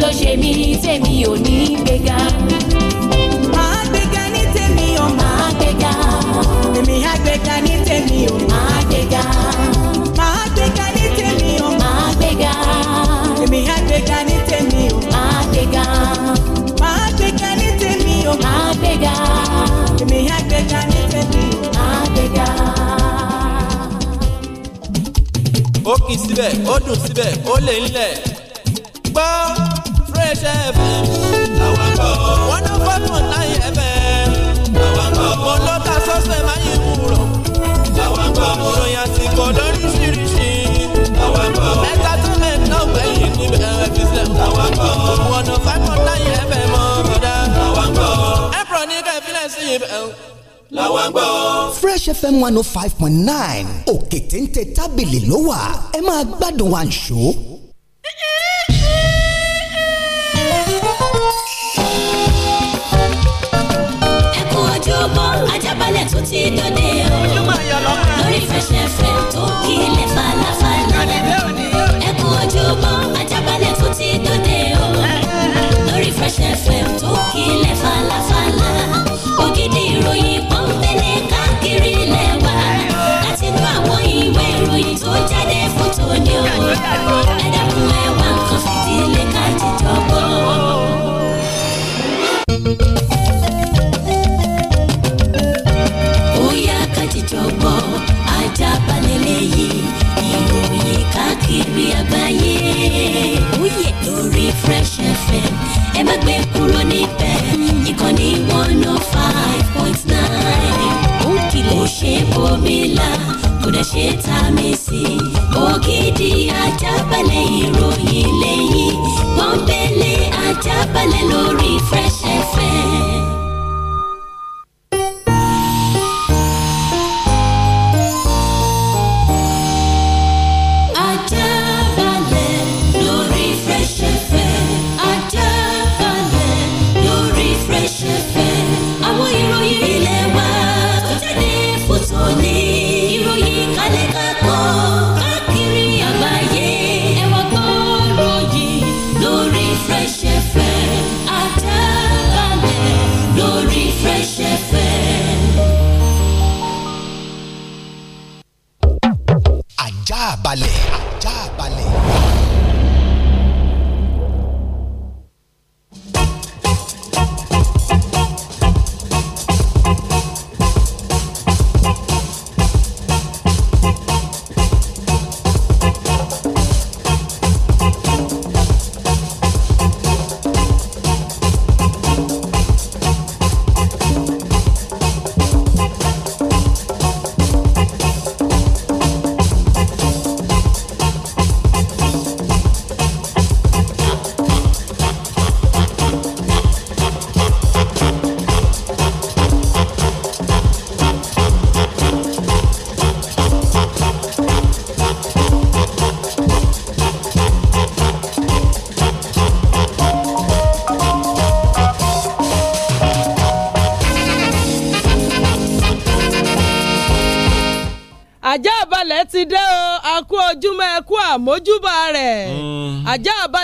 ló ṣe mí tèmi ò ní gbéga. màá gbéga ní tèmi o. màá gbéga. èmi á gbéga ní tèmi o. màá gbéga. màá gbéga ní tèmi o. màá gbéga. èmi á gbéga ní tèmi o. màá gbéga. màá gbéga ní tèmi o. màá gbéga. èmi á gbéga ní tèmi o. màá gbéga. ó kì í síbẹ̀ ó dùn síbẹ̀ ó lè ń lẹ̀ gbọ́ fresh fm. àwọn kọ́. wọ́n náà fọ́tún náà yẹ one oh five point nine òkè téńté tábìlì ló wà ẹ máa gbádùn àǹṣó. tún ti dòde o lórí fẹsẹ̀fẹ̀ tó kílẹ̀ falafala ẹ kú ojúmọ́.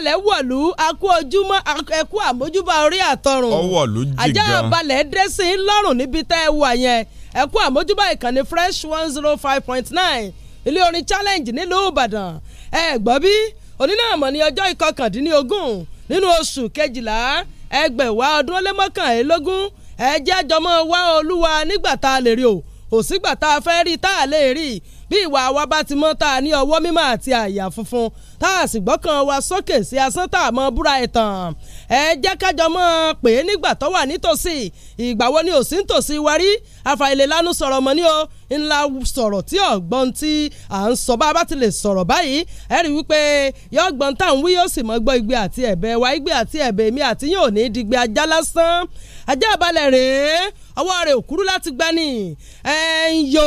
àjàbalẹ̀ wọ̀lú akú ojúmọ́ ẹkú àmójúbà orí àtọrùn ọwọ́ ló jìgá lọ́rùn níbi tẹ́ ẹ wà yẹn ẹkú àmójúbà ìkànnì fresh one zero five point nine ilé orin challenge nílùú ìbàdàn ẹ gbọ́ bí onínàmọ̀ ní ọjọ́ ìkọkàndínlógún nínú oṣù kejìlá ẹgbẹ̀wá ọdún lé mọ́kànlélógún ẹ jẹ́ jọmọ́ wá olúwa nígbà tá a lè rí o òsígbà tá a fẹ́ rí tá a lè rí bí ìwà wa bá ti mọ́ tá a ọwọ́ mímọ́ àti àyà funfun tá a sì gbọ́kàn wa sókè sí asán tá a mọ búra ẹ̀tàn ẹ jẹ́ kájọ mọ́ ọ pé nígbà tó wà nítòsí ìgbà wo ni òsì tòsí wa rí afàìlélánú sọ̀rọ̀ mọ́ ni o ńlá sọ̀rọ̀ tí ọ̀gbọ́n tí à ń sọ bá bá ti lè sọ̀rọ̀ báyìí ẹ rí wípé yọ gbọ́n tá à ń wí yóò sì mọ́ gbọ́ igbe àti ẹ̀bẹ̀ wa igbe àti ẹ̀bẹ̀ mi àti yóò ní digbe ajá lásán ajá balẹ̀ rèé ọwọ́ rẹ̀ òkúrú láti gbani ẹ̀ ń yọ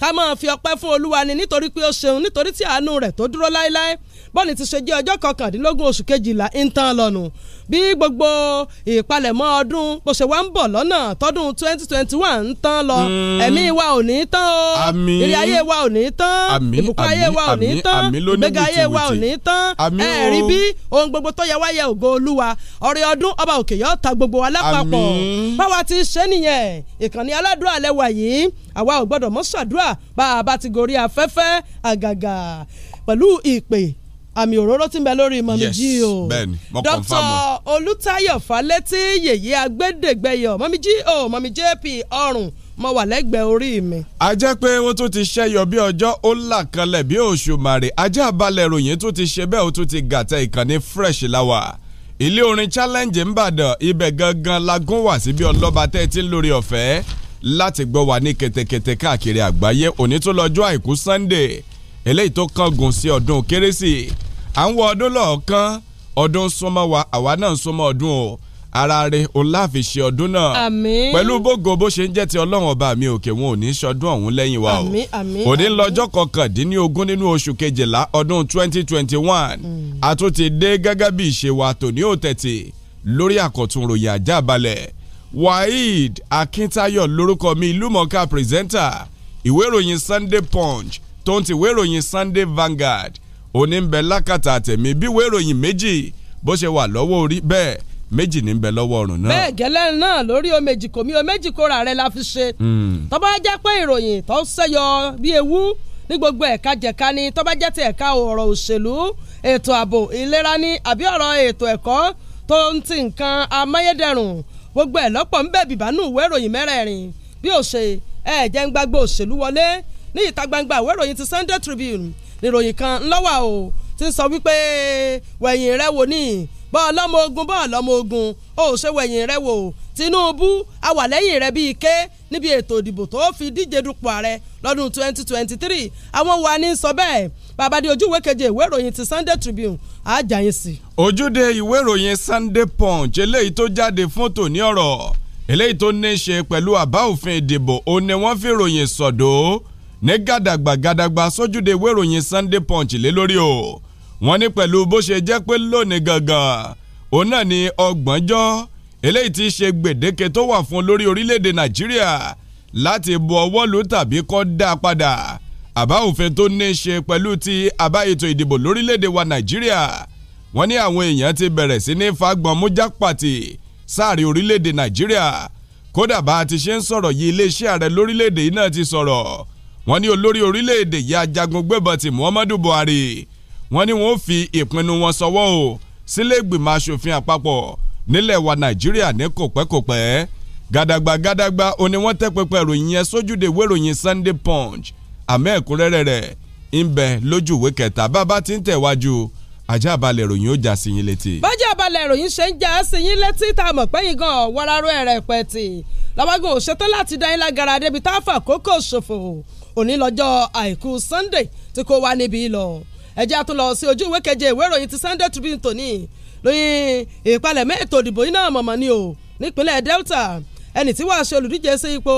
ká máa fi ọpẹ́ fún olúwa ni nítorí pé ó ṣeun nítorí tí àánú rẹ̀ tó dúró láéláé bọ́ọ̀lù ti ṣe jẹ́ ọjọ́ kọkàndínlógún oṣù kejìlá ń tán lọ́nu bí gbogbo ìpalẹ̀mọ́ ọdún bó ṣe wá ń bọ̀ lọ́nà tọdún twenty twenty one ń tán lọ hmm. ẹ̀mí wa ò ní tán o ìrì ayé wa ò ní tán ìbùkún ayé wa ò ní tán ìgbéga ayé wa ò ní tán ẹ̀rí bí ohun gbogbo tó yẹ wá yẹ ògo olúwa ọ̀rẹ́ ọdún ọba òkè yọ ta gbogbo wa lápapọ̀ báwa ti ṣe nìyẹn ìkànnì aládùn àlẹ́ wà yìí àwa ò gbọ́dọ̀ mọ́ ṣàdúrà bá a bá ti gorí afẹ́fẹ́ àgàgà pẹ̀lú ìpè àmì òróró tí ń bẹ lórí mọ̀mí jí o dr olùtayọ falẹ́tí yèyé agbẹ́dẹ́gbẹ́yọ mọ̀mí jí o mọ̀mí jp ọrùn mo wà lẹ́gbẹ̀ẹ́ orí mi. a jẹ́ pé ó tún ti ṣẹ́yọ bí ọjọ́ ó là kanlẹ̀ bí òṣùmàrè ajá balẹ̀ ròyìn tún ti ṣe bẹ́ẹ̀ ó tún ti gàtẹ́ ìkànnì fresh lawa. ilé orin challenge ńbàdàn ibẹ̀ gangan la gún wá síbi ọlọ́ba tẹ́ ti ń lórí ọ̀fẹ́ láti gbọ́ wà ní kẹ̀tẹ̀kẹ̀tẹ̀ káàkiri àgbáyé òní tó lọ́jọ́ àìkú sunday eléyìí tó kángun sí ọdún kérésì à ń wọ ọdún lọ́ọ̀kan ọdún súnmọ́ wa àwa náà súnmọ́ ọdún o ara rẹ o láfi ṣe ọdún náà pẹ̀lú bógo bó ṣe ń jẹ́ ti ọlọ́run ọba mi òkè wọn ò ní ṣọdún ọ̀hún lẹ́yìn wa o àmín àmín lọ́jọ́ kọkàndínlógún nínú oṣù kejìlá ọdún twenty twenty one hmm. a dé gẹ́gẹ́ bí ìṣe wa tòní òtẹ̀tì lórí àkọ́tún ròyìn ajá balẹ̀ waheed akíntáyọ̀ lórúkọ mi ìlúmọ̀ọ́ká pírẹsẹ́ńtà ìwé ìròyìn Sunday Punch tó ń ti ìròyìn Sunday Vanguard òní ń bẹ lákàtà àtẹ̀mí bí ìwé ìròyìn méjì bó ṣe wà lọ́wọ́ orí bẹ́ẹ̀ méjì ní bẹ lọ́wọ́ ọ̀run náà. bẹ́ẹ̀ gẹ́lẹ́ náà lórí omejì kò mí omejì kóra rẹ̀ la fi ṣe. Hmm. tó bá jẹ́ pé ìròyìn tó ń ṣẹ́yọ bí ewu ní gbogbo ẹ̀ka jẹ̀ka ni tó bá jẹ́ ti ẹ̀ka ọ̀rọ̀ òṣèlú ètò ààbò ìlera ni àbí ọ̀rọ̀ ètò ẹ̀kọ́ tó ń ti nǹkan amáyédẹrùn gbogbo ẹ̀ lọ́pọ̀ ń bẹ̀ bìbánú ìwé ìròyìn mẹ́rẹ̀ẹ̀rin bí òṣè ẹ̀ jẹ́ ń gbàgbọ́ òṣèlú Tribune níròyìn kan ńlọ́wà o ti sọ wípé wẹ̀yìn rẹ wò ní bọ́ ọlọ́mọ ogun bọ́ ọlọ́mọ ogun ó ṣe wẹ̀yìn rẹ wò Tinubu awàlẹ́yìn rẹ bíi ké níbi ètò ìdìbò tó fi díje dupò ààrẹ lọ́dún 2023 àwọn wa ní sọ bẹ́ẹ̀ babade ojúwe keje ìwé ìròyìn ti Sunday Tribune àjàyìn sí. ojúde ìwé ìròyìn Sunday Punch eléyìí tó jáde fún tòní ọ̀rọ̀ eléyìí tó ní í ṣe pẹ̀lú àbá òfin ìdìbò òun ni wọ́n fi ròyìn sọ̀dọ̀ ní gàdàgbà gàdàgbà sójúde ìwé ìròyìn Sunday Punch lé lórí o wọ́n ní pẹ̀lú bó ṣe jẹ́ pé lónìí gangan òun náà ni ọgbọ̀njọ́ eléyìí ti ṣe gbèdéke tó wà fún lórí orílẹ̀-èdè Nàìjíríà láti bu ọwọ́ lù tàbí kọ́ dá padà àbá òfin tó ní í ṣe pẹ̀lú ti àbá ètò ìdìbò lórílẹ̀‐èdè wa nàìjíríà wọ́n ní àwọn èèyàn ti bẹ̀rẹ̀ sí ní fagbọn mújápàtì sáàrí orílẹ̀‐èdè nàìjíríà kódà bá a ti ṣe ń sọ̀rọ̀ yìí iléeṣẹ́ ààrẹ lórílẹ̀‐èdè yìí náà ti sọ̀rọ̀ wọ́n ní olórí orílẹ̀-èdè yìí ajagun gbébọn ti Muhammadu Buhari wọ́n ní wọ́n fi ìpinnu wọn sọwọ́ o sílẹ̀gbìmọ̀ asòfin àpapọ̀ nílẹ̀ wa Nàìjíríà ní kòpẹ́kòpẹ́ gàdàgbà gàdàgbà ó ní wọ́n tẹ́ pẹpẹ yẹn sójúde ìwé Sunday Punch àmọ́ ẹ̀kúnrẹ́rẹ́ rẹ̀ ń bẹ lójú ìwé kẹta bàbá tí ń tẹ̀wájú ajá balẹ̀ ìròyìn ó já sí yín létí. bájà balẹ̀ ìròyìn ṣe ń já sí yín létí tá a mọ̀ pé yín gan wọ́n pẹ̀tì lọ́wọ́gbọ̀n òṣètò láti dá yín lágara débi tá a fà kókó ṣòfò òní lọ́jọ́ àìkú Sunday tí kò wá níbí lọ ẹjẹ́ àtún lọ sí ojú ìwé keje ìwé ìròyìn ti Sunday Tribune tòní lóyìn ìpalẹ̀mọ́ ètò ìdìbò yìí náà mọ̀mọ́ ni o nípínlẹ̀ Delta ẹnì tí wàá ṣe olùdíje sí ipò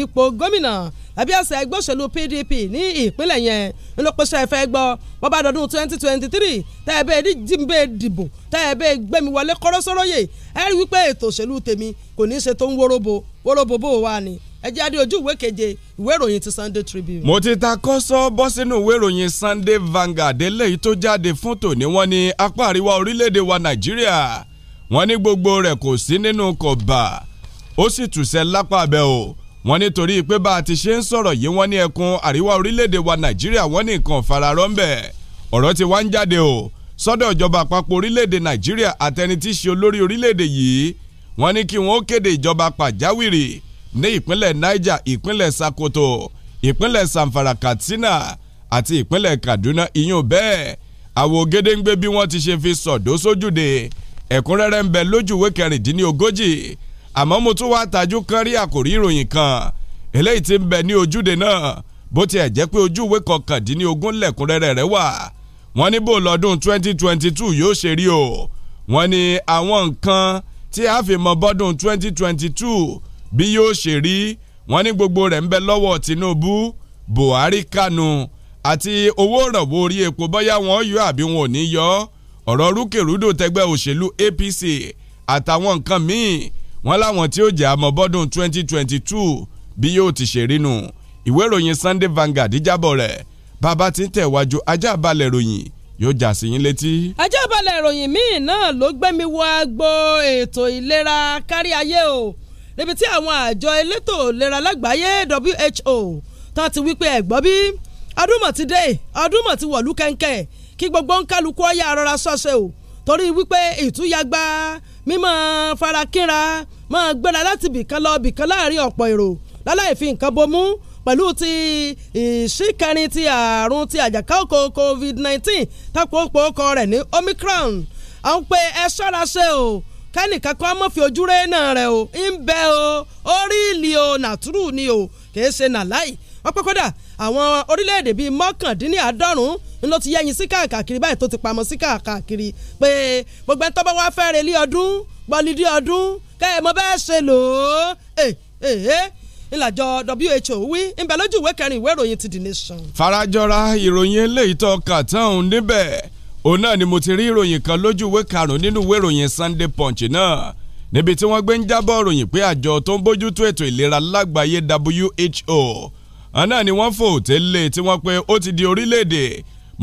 ipò gómìnà lábẹ́ àṣẹ ẹgbẹ́ òṣèlú PDP ní ìpínlẹ̀ yẹn ńlọpọ̀ṣẹ́ ẹ̀fẹ́ gbọ́ wọ́n bá dọdún twenty twenty three tẹ́ ẹ bẹ́ẹ̀ jíǹbẹ́ dìbò tẹ́ ẹ bẹ́ẹ̀ gbẹ́mi wọlé kọ́rọ́sọ́rọ́ yè ẹ rí wípé ètò òṣèlú tèmi kò ní í ṣe tó ń wóróbo wóróbo bó o wà ní ẹ jẹ́ adé ojú ìwé keje ìwé ìròyìn ti Sunday Tribune. mo ti ta kọ́sọ́ bọ́ sínú ìwé ìròyìn Sunday Vanguard eléyìí tó jáde fún tòní wọ́n ní apá àríwá orílẹ̀-èdè wa Nàìjíríà wọ́n ní gbogbo rẹ̀ kò sí nínú kọ̀bà ó sì tùsẹ̀ lápá abẹ o wọ́n ní torí pé bá a ti ṣe ń sọ̀rọ̀ yìí wọ́n ní ẹkùn àríwá orílẹ̀-èdè wa Nàìjíríà wọ́n ní nǹkan fararọ́ ń bẹ̀ ọ̀rọ̀ ti wá ń jáde o sọ́dọ̀ ìjọba àpapọ̀ orílẹ̀-èdè Nàìjíríà àtẹni tí í ṣe olórí orílẹ̀-èdè yìí wọ́n ní kí wọ́n ó kéde ìjọba pàjáwìrì ní ìpínlẹ̀ Niger ìpínlẹ̀ Sokoto ìpínlẹ̀ Zamfara Katsina àti ìpínlẹ̀ Kaduna ìyún bẹ́ẹ̀ àwo gédéǹgbé bí wọ́n ti ṣe fi sọ̀dọ́ sójúde ẹ̀kúnrẹ́rẹ́ ń bẹ lójúwé kẹrìndínlógójì àmọ́ mo tún wá tajú kan rí àkòrí ìròyìn kan eléyìí ti ń bẹ ní ojúde náà bó tiẹ̀ jẹ́ pé ojúwé kọkàndínlógún lẹ̀kúnrẹ́rẹ́ rẹ̀ wà wọ́n ní bó lọ́dún 2022 yóò ṣe rí o wọ́n ní àwọn nǹkan tí a fi mọ bọ́dún 2022 bí yóò ṣe rí wọ́n ní gbogbo rẹ̀ ń bẹ lọ́wọ́ Tinubu Buhari Kanu àti owó ìrànwọ́ orí epo bóyá wọ́n yọ àbí wọn ò ní yọ ọ̀rọ̀ rúkèrúdò tẹgbẹ́ òṣèlú APC àtàwọn nǹkan míì wọ́n láwọn tí ó jẹ́ àmọ́ bọ́dún 2022 bí yóò ti ṣe rí nù ìwé ìròyìn Sunday Vanguard jábọ̀ rẹ̀ bàbá tí ń tẹ̀wájú ajá balẹ̀ ròyìn yóò jà sí yín létí. ajá balẹ̀ ròyìn míì náà ló gbẹ́mi wá gbo ètò ìlera kárí ayé o níbi tí àwọn àjọ elétò ìlera lágbàáyé WHO tán ti wípé ẹ̀gbọ́n bí ọdún mọ̀ ti dé ọdún mọ̀ ti wọ̀lú kẹ́ńkẹ́ kí gbogbo ń kálukú ọ̀yà arọra sọ́ọ̀ṣẹ́ o torí wípé ìtúyàgbá mímọ́ farakínra máa gbéra láti bìkan lọ bìkan láàrin ọ̀pọ̀ èrò láláì fi nǹkan bomú pẹ̀lú ti ìṣíkẹrin ti àrùn ti àjàkáòkò covid-19 tápò òpó ọkọ rẹ̀ ní omicron àwọn pé ẹ ṣọ́ra ṣe o kẹ́nìkan kan mọ̀ fi ojú rẹ̀ náà rẹ̀ o ń bẹ o orí ìlì o nàtúrù ni o kìí ṣe nàláì wọ́n pẹ́ kódà àwọn orílẹ̀-èdè bíi mọ́kàndínláàádọ́rùn ń ló ti yẹyin sí káàkiri báyìí tó ti pamọ́ sí káàkiri pé gbogbo ẹni tó bá wá fẹ́ relé ọdún gbọ́lídé ọdún kẹ́ ẹ bẹ́ẹ̀ ṣe lò ó ìlàjọ WHO wí ń bẹ lójú ìwé kẹrin ìwé ìròyìn ti The Nation. farajọra ìròyìn eléyìí tó kà tán òun níbẹ̀ òun náà ni mo ti rí ìròyìn kan lójú ìwé karùn-ún nínú ìwé ìròyìn Sunday Punch náà níbi tí wọ́n gbé ń jábọ̀ ìròyìn pé àjọ tó ń bójú tó ètò ìlera lágbàáyé WHO òun náà ni wọ́n fò tẹ́lẹ̀ tí wọ́n pé ó ti di orílẹ̀-èdè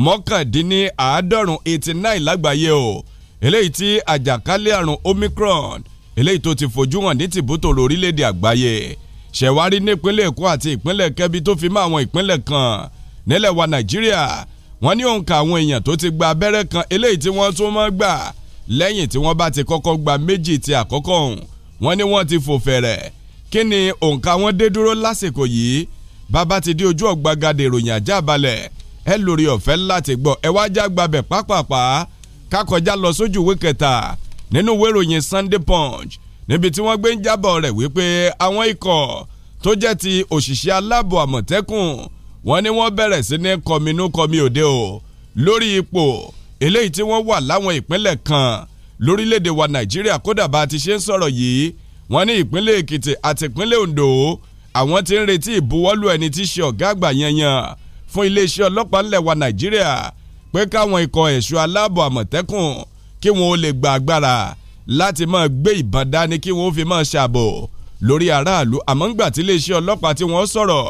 mọ́kàndínláàádọ́rùn eighty nine lágbàáyé o eléyìí tí àjàkálẹ̀ àrùn Omicron eléyìí tó ti fojú hàn ní tìbútòrò orílẹ̀-èdè àgbáyé ṣẹ̀wárí ní ìpínlẹ̀ Èkó àti ìpínlẹ̀ Kẹ́bí tó fi mọ́ àwọn ìpínlẹ̀ kan nílẹ̀ wa Nàìjíríà wọ́n ní òǹkà àwọn èèyàn tó ti gba abẹ́rẹ́ kan eléyìí tí wọ́n tún mọ́ gbà lẹ́yìn tí wọ́n bá ti kọ́kọ́ gba méjì ti àkọ́kọ́ ọ̀hún wọ́n ní wọ́n ti fò fẹ̀rẹ̀ kí ni òǹkà wọn dé dúró lásìkò yìí bàbá ti di ojú ọ̀gbagadè ìròyìn ajá balẹ̀ ẹ lórí ọ̀fẹ́ láti gbọ́ ẹ wá já gbabẹ̀ pápápá kákọjá lọ sójú ìwé kẹta nínú ìwé ìròyìn Sunday Punch níbi tí wọ́n gbé ń jábọ̀ rẹ̀ wípé àwọn ikọ̀ tó jẹ́ ti òṣìṣẹ́ aláàbò àmọ̀tẹ́kùn wọ́n ní wọ́n bẹ̀rẹ̀ sí ní kọminú kọmi òde o lórí ipò eléyìí tí wọ́n wà láwọn ìpínlẹ̀ kan lórílẹ̀‐èdè wa nàìjíríà kódà bá a ti ṣe ń sọ̀rọ̀ yìí wọ́n ní ìpínlẹ̀ èkìtì àti ìpínlẹ̀ ondo àwọn tí ń retí ìbuwọ́lù ẹni tí ṣe ọ̀gá àgbà yanyan fún iléeṣẹ́ ọlọ́pàá ńlẹ̀ wa nàìjíríà pé káwọn ikọ̀ ẹ̀ṣọ́ aláàbọ̀ àmọ̀tẹ́kùn kí wọn ó lè gba agbára láti máa gbé ìbọn dání kí wọn ó fi máa ṣààbò lórí aráàlú àmọ́ ńgbà tí iléeṣẹ́ ọlọ́pàá tí wọ́n sọ̀rọ̀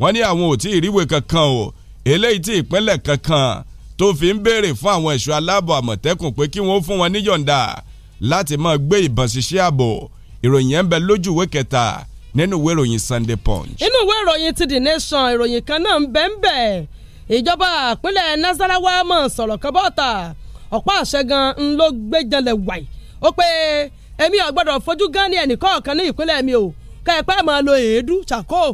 wọ́n ní àwọn ò tí ì ríwèé kankan o eléyìí tí ìpínlẹ̀ kankan tó fi ń béèrè fún àwọn ẹ̀ṣọ́ aláàbò àmọ̀tẹ́kùn pé kí wọ́n fún wọn níyọ̀ǹda láti máa gbé ìbọn ṣiṣẹ́ ààbò ìròyìn yẹn ń bẹ lójú ìwé kẹta nínú ìwé ìròyìn Sunday Punch. inú ìwé ìròyìn ti The Nation ìròyìn kan náà ń bẹ ń bẹ ìjọba ìpínlẹ̀ Nasarawa mọ̀ sọ̀rọ̀ kan bọ́ta ọ̀pá àṣẹ gan ń ló gbé janlẹ̀ wàì ó pé èmi ò fojú gan ní ẹnìkọ̀ọ̀kan ní ìpínlẹ̀ mi ò kẹ́ ẹ pẹ́ máa lo èédú ṣàkóò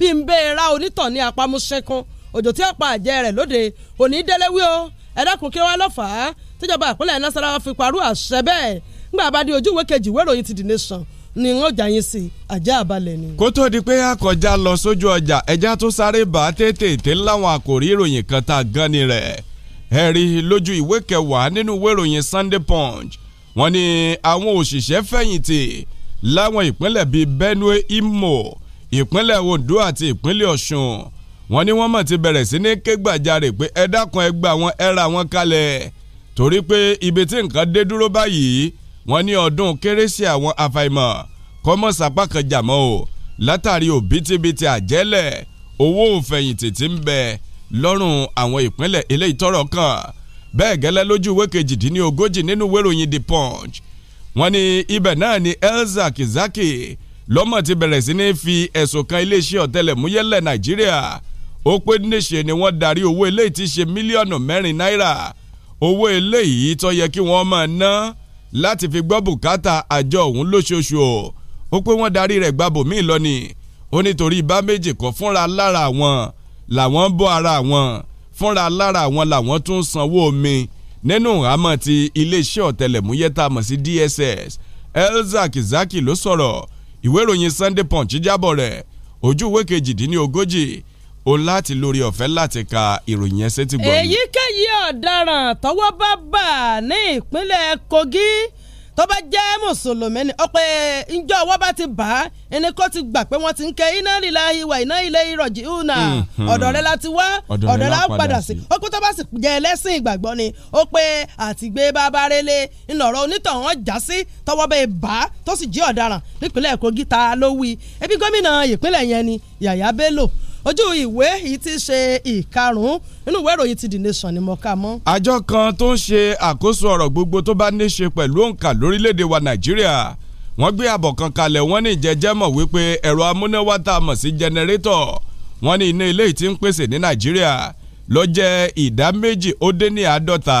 bí n bẹ́ẹ̀ ra onítàn ní apamọ́sẹ́kún òjò tí ọ̀pá àjẹ rẹ̀ lóde òní délẹ́wí o ẹ̀dẹ́kùn kí wọ́n lọ́fà á tíjọba ìpínlẹ̀ Nasarawa fi parú àṣẹ bẹ́ẹ̀ ńgbà bá di ojúwe kejì ìwé ìròyìn ti The Nation ni wọ́n jà yín sí àjẹ́ àbálẹ̀ ni. kó tó di pé àkọjá lọ sójú ọjà ẹja tó sáré bá tètè láwọn àkòrí ìròyìn kan tá a gan ni rẹ̀ ẹ rí lójú ìwé kẹwàá nínú ìwé ìròyìn Sunday Punch wọ́n ní àwọn òṣìṣẹ́ fẹ̀yìntì láwọn ìpínlẹ̀ bíi Benue Imo ìpínlẹ̀ Ondo àti ìpínlẹ̀ Ọ̀ṣun wọ́n ní wọ́n mọ̀ ti bẹ̀rẹ̀ sí ní ké gbàjarè pé ẹ dákun ẹ gbà wọn ẹ ra wọn kalẹ̀ torí pé ibi tí nǹkan dé dúró báyìí wọ́n ní ọdún kérésì àwọn àfàìmọ̀ kọ́mọ́ sapá kan jàmọ́ o látàrí òbítíbitì àjẹ́lẹ̀ owó òfẹ̀yìntì ti ń bẹ lọ́rùn àwọn ìpínlẹ̀ eléyìí tọ́rọ̀ kàn bẹ́ẹ̀ gẹ́lẹ́ lójú ìwé kejìdínlógójì nínú ìwé The Punch wọ́n ní ibẹ̀ náà ni Elza Kizaki lọ́mọ̀ ti bẹ̀rẹ̀ sí ní fi ẹ̀sùn kan iléeṣẹ́ ọ̀tẹlẹ̀múyẹ́lẹ̀ nàìjíríà ó pé níṣe ni wọ́n darí owó eléyìí ti ṣe mílíọ̀nù mẹ́rin náírà owó eléyìí tó yẹ kí wọ́n máa ná láti fi gbọ́ bùkátà àjọ òun lóṣooṣù o ó pé wọ́n darí rẹ̀ gbàbò míì lọ ni ó nítorí bá méjì kọ́ fúnra lára àwọn làwọn bọ́ ara àwọn fúnra lára àwọn làwọn tún sanwó omi nínú àmọ́ ti iléeṣẹ́ ọ̀tẹlẹ̀múyẹ́ tá a mọ̀ sí DSS Elza Kizaki ló sọ̀rọ̀ ìwé ìròyìn Sunday Punch jábọ̀ rẹ̀ ojú ìwé kejìdínlógójì o láti lórí ọ̀fẹ́ láti ka ìròyìn ẹsẹ̀ ti gbọ́. èyíkéyìí ọ̀daràn tọwọ́ bá bà ní ìpínlẹ̀ Kogi tó bá jẹ́ mùsùlùmí ni ọ̀pẹ ìjọ ọwọ́ bá ti bà á ẹni kó ti gbà pé wọ́n ti ń kẹ́ iná líla ìwà iná ilé ìrọ̀jì ìhùnà mhm. ọ̀dọ̀ rẹ la ti wá ọ̀dọ̀ la padà sí ó pé tó bá sì jẹ́ ẹlẹ́sìn ìgbàgbọ́ ni ó pé àtìgbé bàbá rẹlé ńlọrọ̀ onítọ̀hún já sí tọwọ́ bẹ́ẹ̀ bá e tó sì jí ọ̀daràn nípínlẹ̀ Kogi ta ló wí ebi gómìnà ìpínlẹ̀ yẹn ni Yàyà Bello ojú ìwé yìí ti ṣe ìkarùn-ún nínú ìwé ìròyìn ti The Nation ni mo kà mọ́. àjọ kan tó ń ṣe àkóso ọ̀rọ̀ gbogbo tó bá ní ṣe pẹ̀lú òǹkà lórílẹ̀‐èdè wa Nàìjíríà wọ́n gbé àbọ̀ kan kalẹ̀ wọ́n ní ìjẹ́jẹ́ mọ̀ wípé ẹ̀rọ amúnáwá tá a mọ̀ sí jẹnẹrétọ̀ wọ́n ní iná ilé tí ń pèsè ní Nàìjíríà ló jẹ́ ìdá méjì ó dé ní àádọ́ta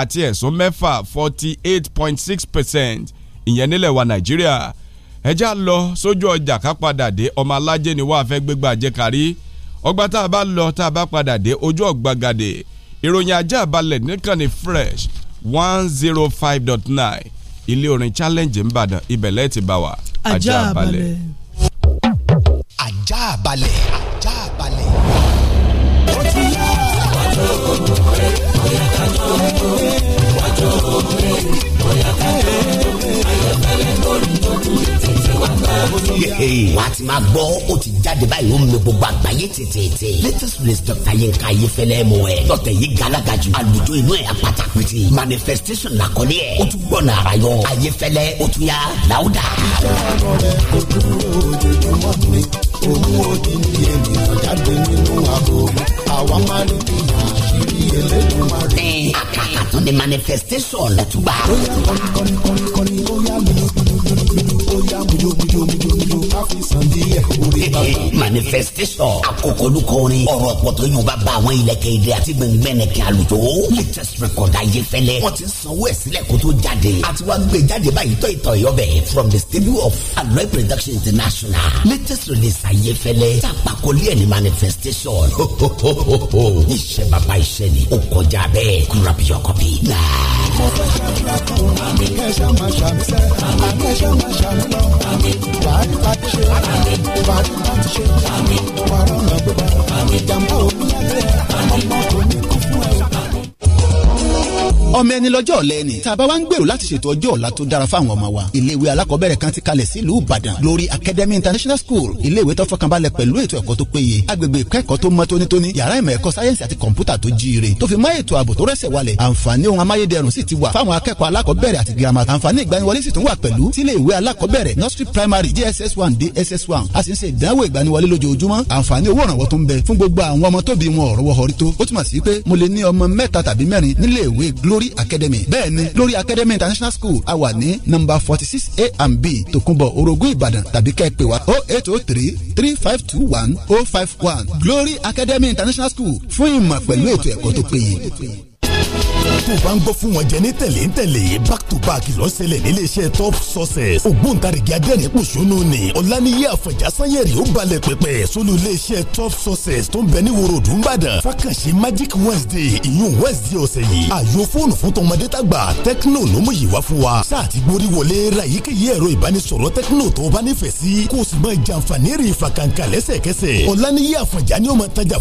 àti ẹ̀sùn mẹ́fà forty eight point six percent ìyẹn nílẹ̀ wa Nàìjíríà ẹjá lọ sójú ọjà ká ọmọ alájẹ ni wàá fẹ́ gbégbá jẹ kárí ọgbà tá a bá lọ tá a bá padà dé ojú ìròyìn ajá balẹ̀ fresh one zero oh five dot nine ilé orin challenge ńbàdàn ibẹ̀ ti bá wa ajá balẹ̀. ajá balẹ̀ ajá balẹ̀. wàá ti máa gbọ́ ó ti jáde báyìí ó mi gbogbo àgbáyé tètè. latest release dr yinka ayefẹlẹ mu ẹ dr yìí galaga ju àlùjọ inú ẹ apata pété manifestation làkọlé ẹ ó tún gbọ́nà ara yọ ayefẹlẹ ó tún yà láwùdà. Òun òdi ni ènìyàn jáde nínú àbò, àwa máa ń fi hàn àṣírí elédùnmarè. Ẹ àkàkà tó ni manifestation lẹ́tùgbà. Ó yẹ kọ́ni kọ́ni kọ́ni kọ́ni ó. manifestation. àkókò olùkọ orin ọ̀rọ̀ ọ̀pọ̀tọ̀ yóò bá bá àwọn ilẹ̀kẹ̀ ìdè àti gbẹ̀ngbẹ̀nẹ̀kẹ̀ àlùjọ. latest record ayé fẹ́lẹ́. wọ́n ti sanwó ẹ̀ sílẹ̀ kó tó jáde. àti wá gbé jáde báyìí tọ́ ìtọ̀ ìyọ́bẹ̀ from the studio of aloe production international. latest release ayé fẹ́lẹ́. tàpákọ́lé ẹ̀ ní manifestation. iṣẹ́ bàbá iṣẹ́ ni ó kọjá bẹ́ẹ̀. grab your copy now. àmì kẹ́sà máa ṣàmìsẹ́ àmì kẹ́sà máa ṣàmìlọ àmì bàálù bá ti ṣe bàálù bá ti ṣe àmì ọ̀rọ̀ náà gbọ́dọ̀ àmì ìjàmbá òkú lábẹ́ ọmọ tó ní ọmọ ẹni lọ́jọ́ ọ̀la ẹni tá a bá wá ń gbèrò láti ṣètò ọjọ́ ọ̀la tó dára fáwọn ọmọ wa iléèwé alákọ̀ọ́bẹ̀rẹ̀ kan ti kalẹ̀ sílùú Ìbàdàn Glory Academy International School iléèwé tó fọkànbalẹ̀ pẹ̀lú ètò ẹ̀kọ́ tó péye agbègbè ìkẹ́kọ̀ọ́ tó mọ́ tónítóní yàrá ìmọ̀ ẹ̀kọ́ sáyẹ́nsì àti kọ̀ǹpútà tó jíire tó fi má ètò ààbò tó rẹ̀sẹ̀ walẹ̀ àǹfààní ohun amáyédẹrùn sì ti wà fáwọn akẹ́kọ̀ọ́ alákọ̀ọ́bẹ̀rẹ̀ àti girama àǹfààní nursery primary JSS one DSS one a sì ń ṣe ìdánwò ìgbaniwọlé lójoojúmọ́ àǹfààní owó ìrànwọ́ tó ń bẹ fún gbogbo àwọn ọmọ tóbi wọn ọ̀rọ̀ wọ̀ọ́rí tó glory academy bẹ́ẹ̀ ni glory academy international school a wà ní number forty six a and b tòkunbọ̀ orogún ìbàdàn tàbí kẹ́ ẹ oh eight oh three three five two one oh five one glory academy international school fún ìmọ̀ pẹ̀lú ètò ẹ̀kọ́ tó péye tó bá ń gbọ́ fún wọn jẹ ní tẹ̀lé ń tẹ̀lé back to back lọ́sẹ̀lẹ̀ níléeṣẹ́ top success ògbóǹtarìgì adẹ́rìn-pọ̀ṣónú ni ọ̀làníyé àfọ̀njá sanyẹ̀rì ó balẹ̀ pẹ̀pẹ̀ sólù iléeṣẹ́ top success tó ń bẹ ní woro dùnbàdàn fàkànṣe magic wednesday ìyún wednesday ọ̀sẹ̀ yìí àyò fóònù fún tọmọdé tàgbà tecno ló mú yìí wá fún wa sáàtì gbórí wọlé ra èyíkéyìí ẹ̀rọ ìbánisọ̀rọ̀ tecno tó o bá nífẹ̀ẹ́ sí kó o sì máa jàǹfààní rè fàkàǹkà lẹ́sẹ̀kẹsẹ̀ ọ̀làníyé àfọ̀njá ni ó máa tajà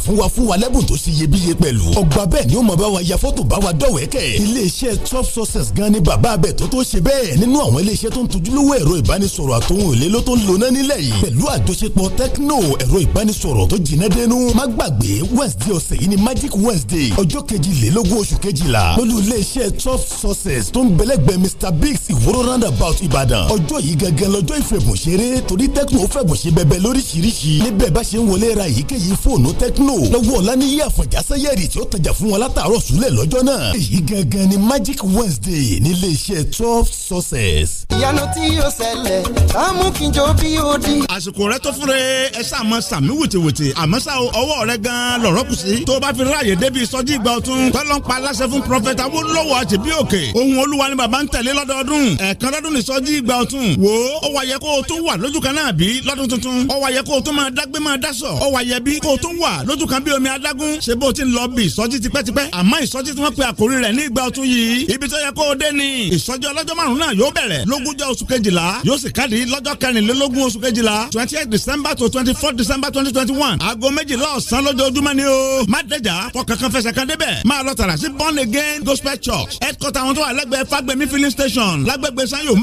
bá wa dọ̀wẹ́kẹ̀. iléeṣẹ́ top success gan ni bàbá abẹ tó tó ṣe bẹ́ẹ̀ nínú àwọn iléeṣẹ́ tó ń tojúlówó ẹ̀rọ ìbánisọ̀rọ̀ àtòhun èlé ló tó ń lona nílẹ̀ yìí pẹ̀lú àjọṣepọ̀ tecno ẹ̀rọ ìbánisọ̀rọ̀ tó jìnnà dẹnu má gbàgbé wednesday ọ̀sẹ̀ yìí ni magic wednesday ọjọ́ kejìlélógún oṣù kejìlá lólú iléeṣẹ́ top success tó ń bẹ̀lẹ́gbẹ̀ mr biggs ìwòrò roundabout ìbàdàn ọjọ́ yìí gangan lọ́jọ́ ìfẹ̀bùnṣeré torí tecno fẹ̀bùnṣe bẹ̀bẹ̀ lóríṣiríṣi níbẹ̀ bá ṣe ń wọlé ra èyíkéyìí fóònù tecno lọ́wọ́ ọ̀la ní iye àfọ̀jásẹ́yẹ̀rì tí ó tajà fún wọn látàárọ̀ súlẹ̀ lọ́j lọ́jọ́ náà èyí gangan ni magic wednesday nílé iṣẹ́ twelve success. ìyanu tí yóò ṣẹlẹ̀ á mú kí n jó bí ó di. àsìkò rẹ tó fúnre ẹ ṣáà mọ sàmí wìtìwìtì àmọ́ ṣá o ọwọ́ rẹ gan lọ̀rọ̀ kù sí. tó o bá fi ráàyè débi ìsọjí ìgbà ọ̀tun tọ́lọ́ ń pa aláṣẹ fún prọfẹ̀tà Awólọ́wọ̀ àti bí òkè ohun olúwa ni bàbá ń tẹ̀lé lọ́dọọdún ẹ̀ẹ̀kan lọ́dún ní sọ́jí ìgbà ọ̀tun wò ó wà yẹ kó o tún wà lójú kan náà bí lọ́dún tuntun ó wà yẹ kó o tún máa dágbé máa dáṣọ ó wà yẹ bí kó o tún wà lójú kan bí omi adágún ṣe bó ti ń lọ bí ìsọjí tipẹ́tipẹ́ àmọ́ ìsọjí tí wọ́n pe àkórí rẹ̀ ní ìgbà ọ̀tun yìí ibi tó yẹ kó o dé ni ìsọjí ọlọ́jọ́ márùn náà yóò bẹ̀rẹ̀ lógúnjọ́ oṣù kejìlá yóò sì káàdì lọ́jọ́ kẹrìnlélógún oṣù kejìlá twenty eight december to twenty four december twenty twenty one aago méjìlá ọ̀sán lójoojúmọ́ ni o má dẹjà fọkànkan fẹsẹ̀ kan débẹ̀ máa lọ tààrà sí born again gospel church headquarter àwọn tó wà lẹ́gbẹ̀ẹ́ fagbemi filling station lágbègbè sanyo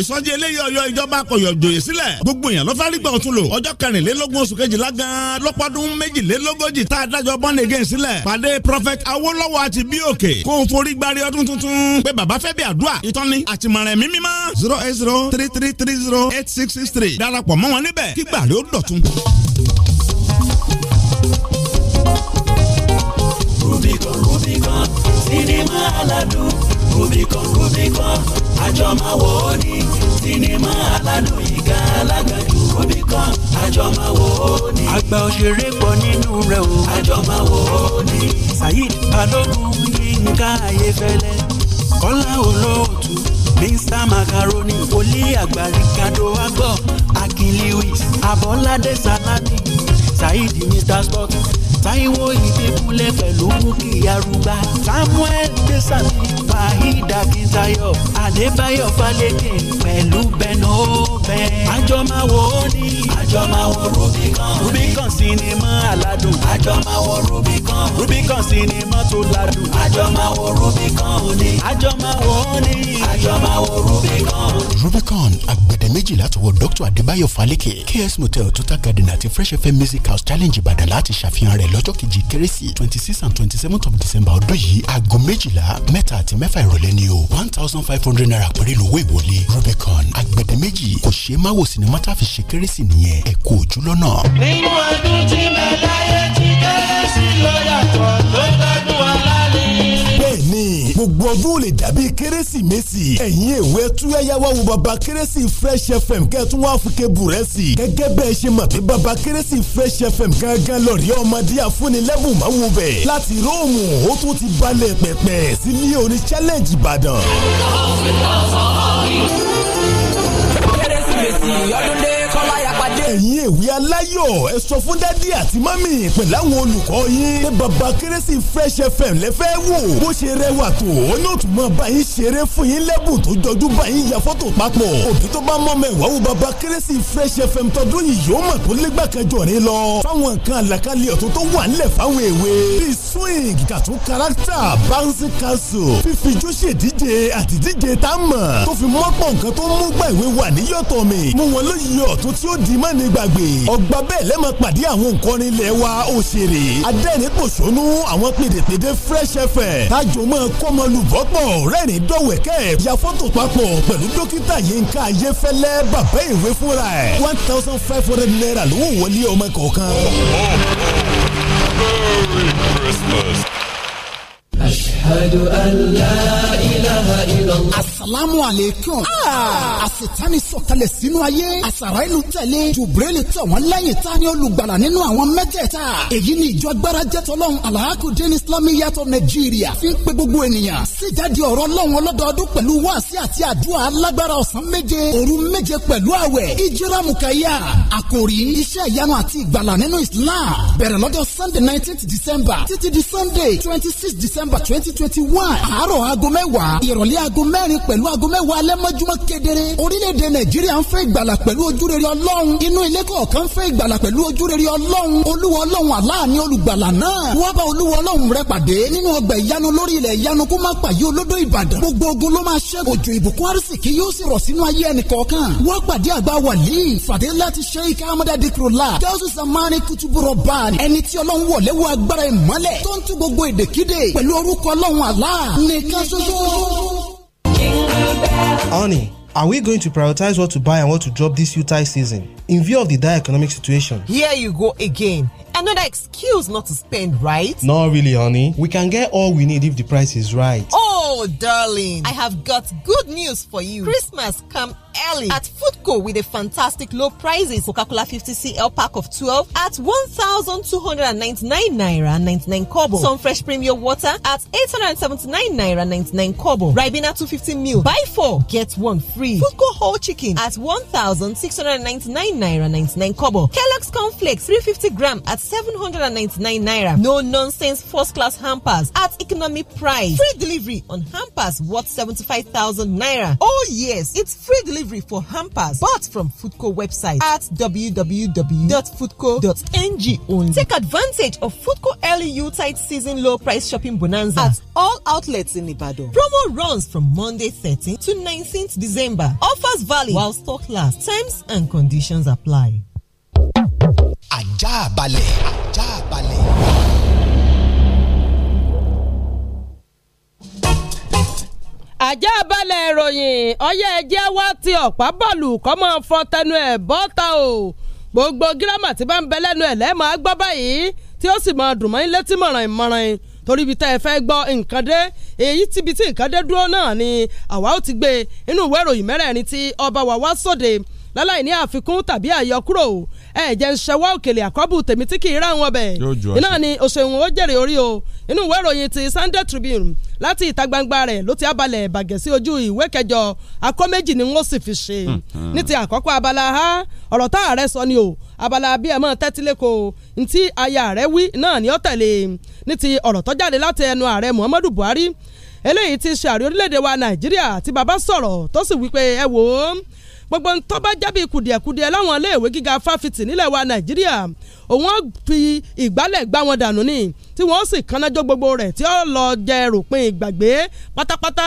ìsọjí eléyìí ọ̀yọ́ òkè kó o forí gbárí ọdún tuntun pé bàbá fẹ́ bí àdúrà ìtọ́ni àtìmọ̀ràn ẹ̀mí mímọ́ zero eight zero three three three zero eight six six three darapọ̀ mọ́ wọn níbẹ̀ kí gbàrí ó dọ̀tun. Rubicon Rubicon sinimá aládùn Rubicon Rubicon àjọmọ̀wò ni sinimá aládùn ìka alágbàdo Rubicon àjọmọ̀wò ni. àgbà òṣèré pọ̀ nínú rẹ̀ o. àjọmọ̀wò ni saheed balógun yínká ayéfẹ́lẹ́ kọ́lá olóòtú mr macaroni wòlé àgbà ricardo agbo akin lewis abọ́ládé salami saheed mr sport taiwo ìdẹ́kunlẹ̀ pẹ̀lú múkì arúgbá samuel gbèsàmì waheed akintayo adébáyọ̀ falẹkẹ pẹ̀lú bẹnu bẹ àjọ máa wò ó ní àjọ máa wò rubicon rubicon sinimá aládùn àjọ máa rubicon rubicon sinimá tó ládùn àjọ rubicon ni, àjọ máa wò ó ní àjọ rubicon. rubicon agbẹ̀dẹ̀ méjì látọwọ́ dr adébáyọ̀ falẹkẹ ks motel total garden àti fresh fm music house challenge ìbàdàn láti ṣàfihàn rẹ̀ lọ́jọ́ kejì kérésì twenty six and twenty seven of december ọdún yìí aago méjìlá mẹ́ta àti mẹ́ mẹ́fà ìrọ̀lẹ́ ni o one thousand five hundred naira pẹ̀lú ìlówó ìwọlé Rubicon agbẹ̀dẹ méjì kò ṣe má wò sinimá tá a fi ṣe kérésì nìyẹn ẹ kú ojú lọ́nà. nínú ọdún mẹ́láyé ti kérésì ló gbádùn gbogbo ọdún ò lè dàbí kérésìmesì ẹ̀yin èwe túyáyáwá wo baba kérésì fresh fm kẹ́tún wá fún kébù rẹ̀ sí i gẹ́gẹ́ bẹ́ẹ̀ ṣe mọ̀ pé baba kérésì fresh fm gángan lọ́ọ̀rì ọmọdé àfúnilẹ́bù máa wù bẹ̀ láti róòmù ó tún ti balẹ̀ pẹ̀pẹ̀ sílé orin challenge ìbàdàn. kérésìmesì ọdún dé kọ́láyà ẹ̀yin èwe aláyọ̀ ẹ sọ fún dádì àti mọ́mì pẹ̀lú àwọn olùkọ́ yín pé baba kérésì fresh fm lẹ́fẹ́ wò bó ṣe rẹwà tó ó ní òtún mọ́ báyìí ṣeré fún yín lẹ́bùn tó jọjú báyìí ya fọ́tò papọ̀ òbí tó bá mọ́ mẹ́wàá wo baba kérésì fresh fm tọdún yìí yóò mọ̀ tó lé gbàkẹ́jọ rẹ lọ fáwọn nǹkan àlàkalẹ̀ ọ̀tún tó wà nílẹ̀ fáwọn èwe bíi swing gàtú kárátà bouncy castle fífi jó ṣe díje àti díje tá a mọ̀ tó fi mọ́pọ̀ nǹkan tó mú gbà ìwé wà níyọ̀tọ̀ mi mú wọn lóye ọ̀tún tí ó di mọ́ ní gbàgbé ọgbà bẹ́ẹ̀ lẹ́mọ̀ pàdé àwọn nkọrin ilẹ̀ wa òṣèré adẹ́rìn pòṣónú àwọn pèdèpèdè fresh fm tájò mọ́ kọ́mọlúbọ́pọ̀ rẹ́rìn dọ́wẹ̀kẹ́ ya fọ́tò papọ̀ pẹ̀lú dókítà yínká ayéfẹ́lẹ́ bàbá ìwé fúnra ẹ̀ one thousand five hundred naira lówó wọlé ọmọ kọ̀ọ̀kan. Oh, oh, oh, Merry Christmas. أشهد أن illallah. asalaamu aleykum. Ah! àṣetánì sọ̀kalẹ̀ sínú ayé. àṣàrà ìlú tẹ̀lé. jùbírẹ́lì tẹ̀ wọ́n lẹ́yìn tá ni olùgbàlà nínú àwọn mẹ́tẹ̀ẹ̀ta. èyí ni ìjọ agbára jẹ́tọ̀lọ́hún alahakudin islamiyatọ̀ nàìjíríà fi ń pe gbogbo ènìyàn. síjáde ọ̀rọ̀ lọ́wọ́n lọ́dọọdún pẹ̀lú wáàsí àti àdúrà alágbára ọ̀sán méje òru méje pẹ̀lú àwẹ̀. ìjírá mùkàyà Akori iṣẹ́ ìyanu àti ìgbàlà nínú islam bẹ̀rẹ̀ lọ́jọ́ sunday nineteenth december títí di sunday twenty six december twenty twenty one àárọ̀ aago mẹ́wàá déédéé aago mẹ́rin pẹ̀lú aago mẹ́wàá alẹ́ mọ́júmọ́ kedere orílẹ̀-èdè nàìjíríà ń fẹ́ ìgbàlà pẹ̀lú ojúrere ọlọ́run inú ilé kọ̀ọ̀kan ń fẹ́ ìgbàlà pẹ̀lú ojúrere ọlọ́run olúwa ọlọ́run aláàánú olùgbàlà náà wá bá olúwa ọlọ́run rẹ pàdé nínú ọgbà ìyanu lórí ilẹ̀ ìyanu kó má pàyé olódó ìbàdàn gbogbo ogun ló máa ṣẹ́gun òjò ìbùkún àrísìkí yóò sì rọ̀ sínú ayé ẹnì kọ̀ọ̀kan wá pàdé àgbà wàlíì fàdé láti ṣe ike amúdá dìkúrò la gáúsù samari kutuburo ban ẹni tí ọlọ́run wọlé wọ agbára ìmọ́lẹ̀ tó ń tú gbogbo èdèkídè pẹ̀lú orúkọ ọlọ́run àlá nìkan ṣoṣo. Honey, are we going to prioritize what to buy and what to drop this Utah season in view of the dire economic situation? Here you go again. Another excuse not to spend, right? Not really, honey. We can get all we need if the price is right. Oh, darling, I have got good news for you. Christmas come early at Foodco with a fantastic low prices. Coca-Cola 50cl pack of 12 at 1,299 naira 99 kobo. Some fresh premium water at 879 naira 99 kobo. Ribena 250 mil. Buy four, get one free. Foodco whole chicken at 1,699 naira 99 kobo. Kellogg's cornflakes 350 gram at 799 naira. No nonsense first class hampers at economy price. Free delivery on hampers worth 75,000 naira. Oh yes, it's free delivery for hampers bought from Foodco website at www.foodco.ng only. Take advantage of Foodco early Yuletide season low price shopping bonanza at all outlets in Ibado. Promo runs from Monday 13th to 19th December. Offers valid while stock lasts. Times and conditions apply. ajá balẹ̀ ajá balẹ̀. ajá balẹ̀ ìròyìn ọyẹ́ ẹjẹ́ wá ti ọ̀pá bọ́ọ̀lù kọ́ máa fọ tẹnu ẹ̀ bọ́ta o gbogbo gírámà tí bá ń bẹ lẹ́nu ẹ̀ lẹ́ẹ̀ máa gbọ́ báyìí tí ó sì máa dùn mọ́ ilé tí mọ̀ràn ìmọ̀ràn torí ibi tá ẹ fẹ́ gbọ́ nǹkan dé èyí tíbi tí nǹkan dé dúró náà ni àwa ó ti gbé inú e ìwé ìròyìn mẹ́rẹ̀ẹ̀rin tí ọba wa wá sóde láláì ní àfikún tàbí àyọkúrò ẹ jẹ́ ṣẹwọ́ òkèlè àkọ́bù tèmi tí kì í rà wọn bẹ̀ iná ni òṣèwọ̀n ó jèrè orí o inú ìwé ìròyìn ti Sunday Tribune láti ìta gbangba rẹ̀ ló ti abalẹ̀ bàgẹ́ sí ojú ìwé kẹjọ akọ méjì ni wọ́n sì fi ṣe hmm, hmm. ní ti àkọ́kọ́ abala ha ọ̀rọ̀ tá ààrẹ sọ ni o abala bí ẹ̀ mọ́ tẹ́tílẹ́kọ̀ọ́ ntí aya rẹ̀ wí náà ni ó tẹ̀lé ní ti ọ̀rọ̀ tó jáde láti ẹnu ààrẹ Muhammadu Buhari eléyìí ti ṣàrí orílẹ̀-èdè wa Nàìjíríà tí bàbá sọ̀rọ̀ tó sì wí pé ẹ wò ó gbogbo ntọ́ bá jábí kùdìẹ̀kùdìẹ̀ láwọn iléèwé gíga fáfitì nílẹ̀ wa nàìjíríà òun á fi ìgbálẹ̀ gbá wọn dànù ni tí wọ́n sì kanájọ́ gbogbo rẹ̀ tí ó lọ jẹ ròpin ìgbàgbé pátápátá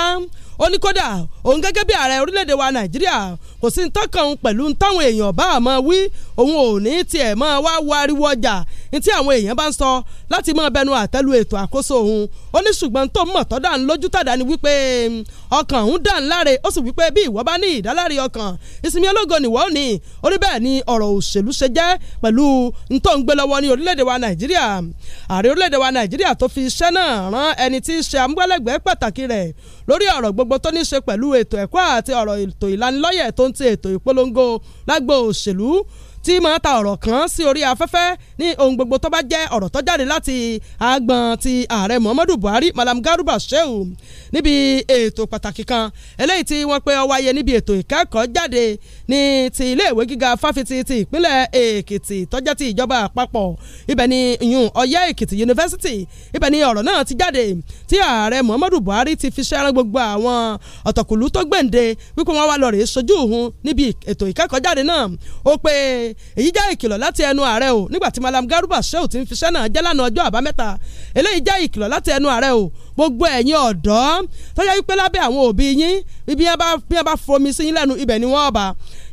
ó ní kódà òun gẹ́gẹ́ bí ààrẹ orílẹ̀-èdè wa nàìjíríà kò sí ntọ́kàn òun pẹ̀lú ntáwọn èèyàn bá àmọ́ wí òun ò ní tiẹ̀ mọ́ wá wo ariwo ọjà ntí àwọn èèyàn bá ń sọ láti mọ́ bẹnu àtẹ́lu ètò àkóso òun ó ní ṣùgbọ́n tó mọ̀ tọ́ dà ń lójú tàdá ni wípé mm, ọkàn òun dà ń láre ó sì wípé bí ìwọ bá ní ìdáláre ọkàn ìsinmi ológo nìwọ ní orí bẹ́ẹ̀ ni ọ̀rọ̀ òṣèlú ṣe jẹ́ pẹ̀lú ntọ́ ń gbé lọ́wọ́ ní orílẹ̀-èdè wa nàìjíríà ààrẹ orílẹ̀-èdè wa nàìjíríà tó fi iṣẹ́ náà rán ẹni tí í ṣe amúgbálẹ́gbẹ̀ẹ́ pàtàkì rẹ̀ lórí ọ̀rọ̀ gbogbo tó ní ṣe pẹ̀lú ètò ẹ̀kọ́ àti ọ̀rọ̀ ètò ìlanilọ́yẹ̀ tó ń ti ètò ìpolongo lágbo òṣèlú tí máa ta ọ̀rọ̀ kan sí orí afẹ́fẹ́ ní ohun gbogbo tó bá jẹ́ ọ̀rọ̀ tó jáde láti agbọ̀n ti ààrẹ Muhammadu Buhari Malam Garuba Shehu níbi ètò pàtàkì kan eléyìí tí wọ́n pe ó wáyé níbi ètò ìkẹ́kọ̀ọ́ jáde ní ti ilé ìwé gíga fáfitì ti ìpínlẹ̀ Èkìtì tó jẹ́ ti ìjọba àpapọ̀ ibẹ̀ ni ìyún Ọ̀yẹ́ Èkìtì yunifásitì ibẹ̀ ni ọ̀rọ̀ náà ti jáde tí ààrẹ Muhammadu Buhari ti fi ṣẹ́ran gbogbo àwọn ọ̀tọ̀kùlú tó gbèǹde wípé wọ́n wá lọ rèé sojú òun níbi ètò ìkẹ́kọ̀ọ́ jáde náà ó pe èyí já ìkìlọ̀ láti ẹnu ààrẹ o nígbà tí Malam Garba Shehu ti ń fiṣẹ́ náà jẹ́ lánàá ọjọ́ àbámẹ́ta eléyìí já ìkìlọ̀ láti ẹnu ààrẹ o gbogbo ẹ̀yin ọ̀dọ́ tọ́jà wípé lábẹ́ àwọn òbí yín ibi yẹn bá bí yẹn bá fomi sí yín lẹ́nu ibẹ̀ ni wọ́n bá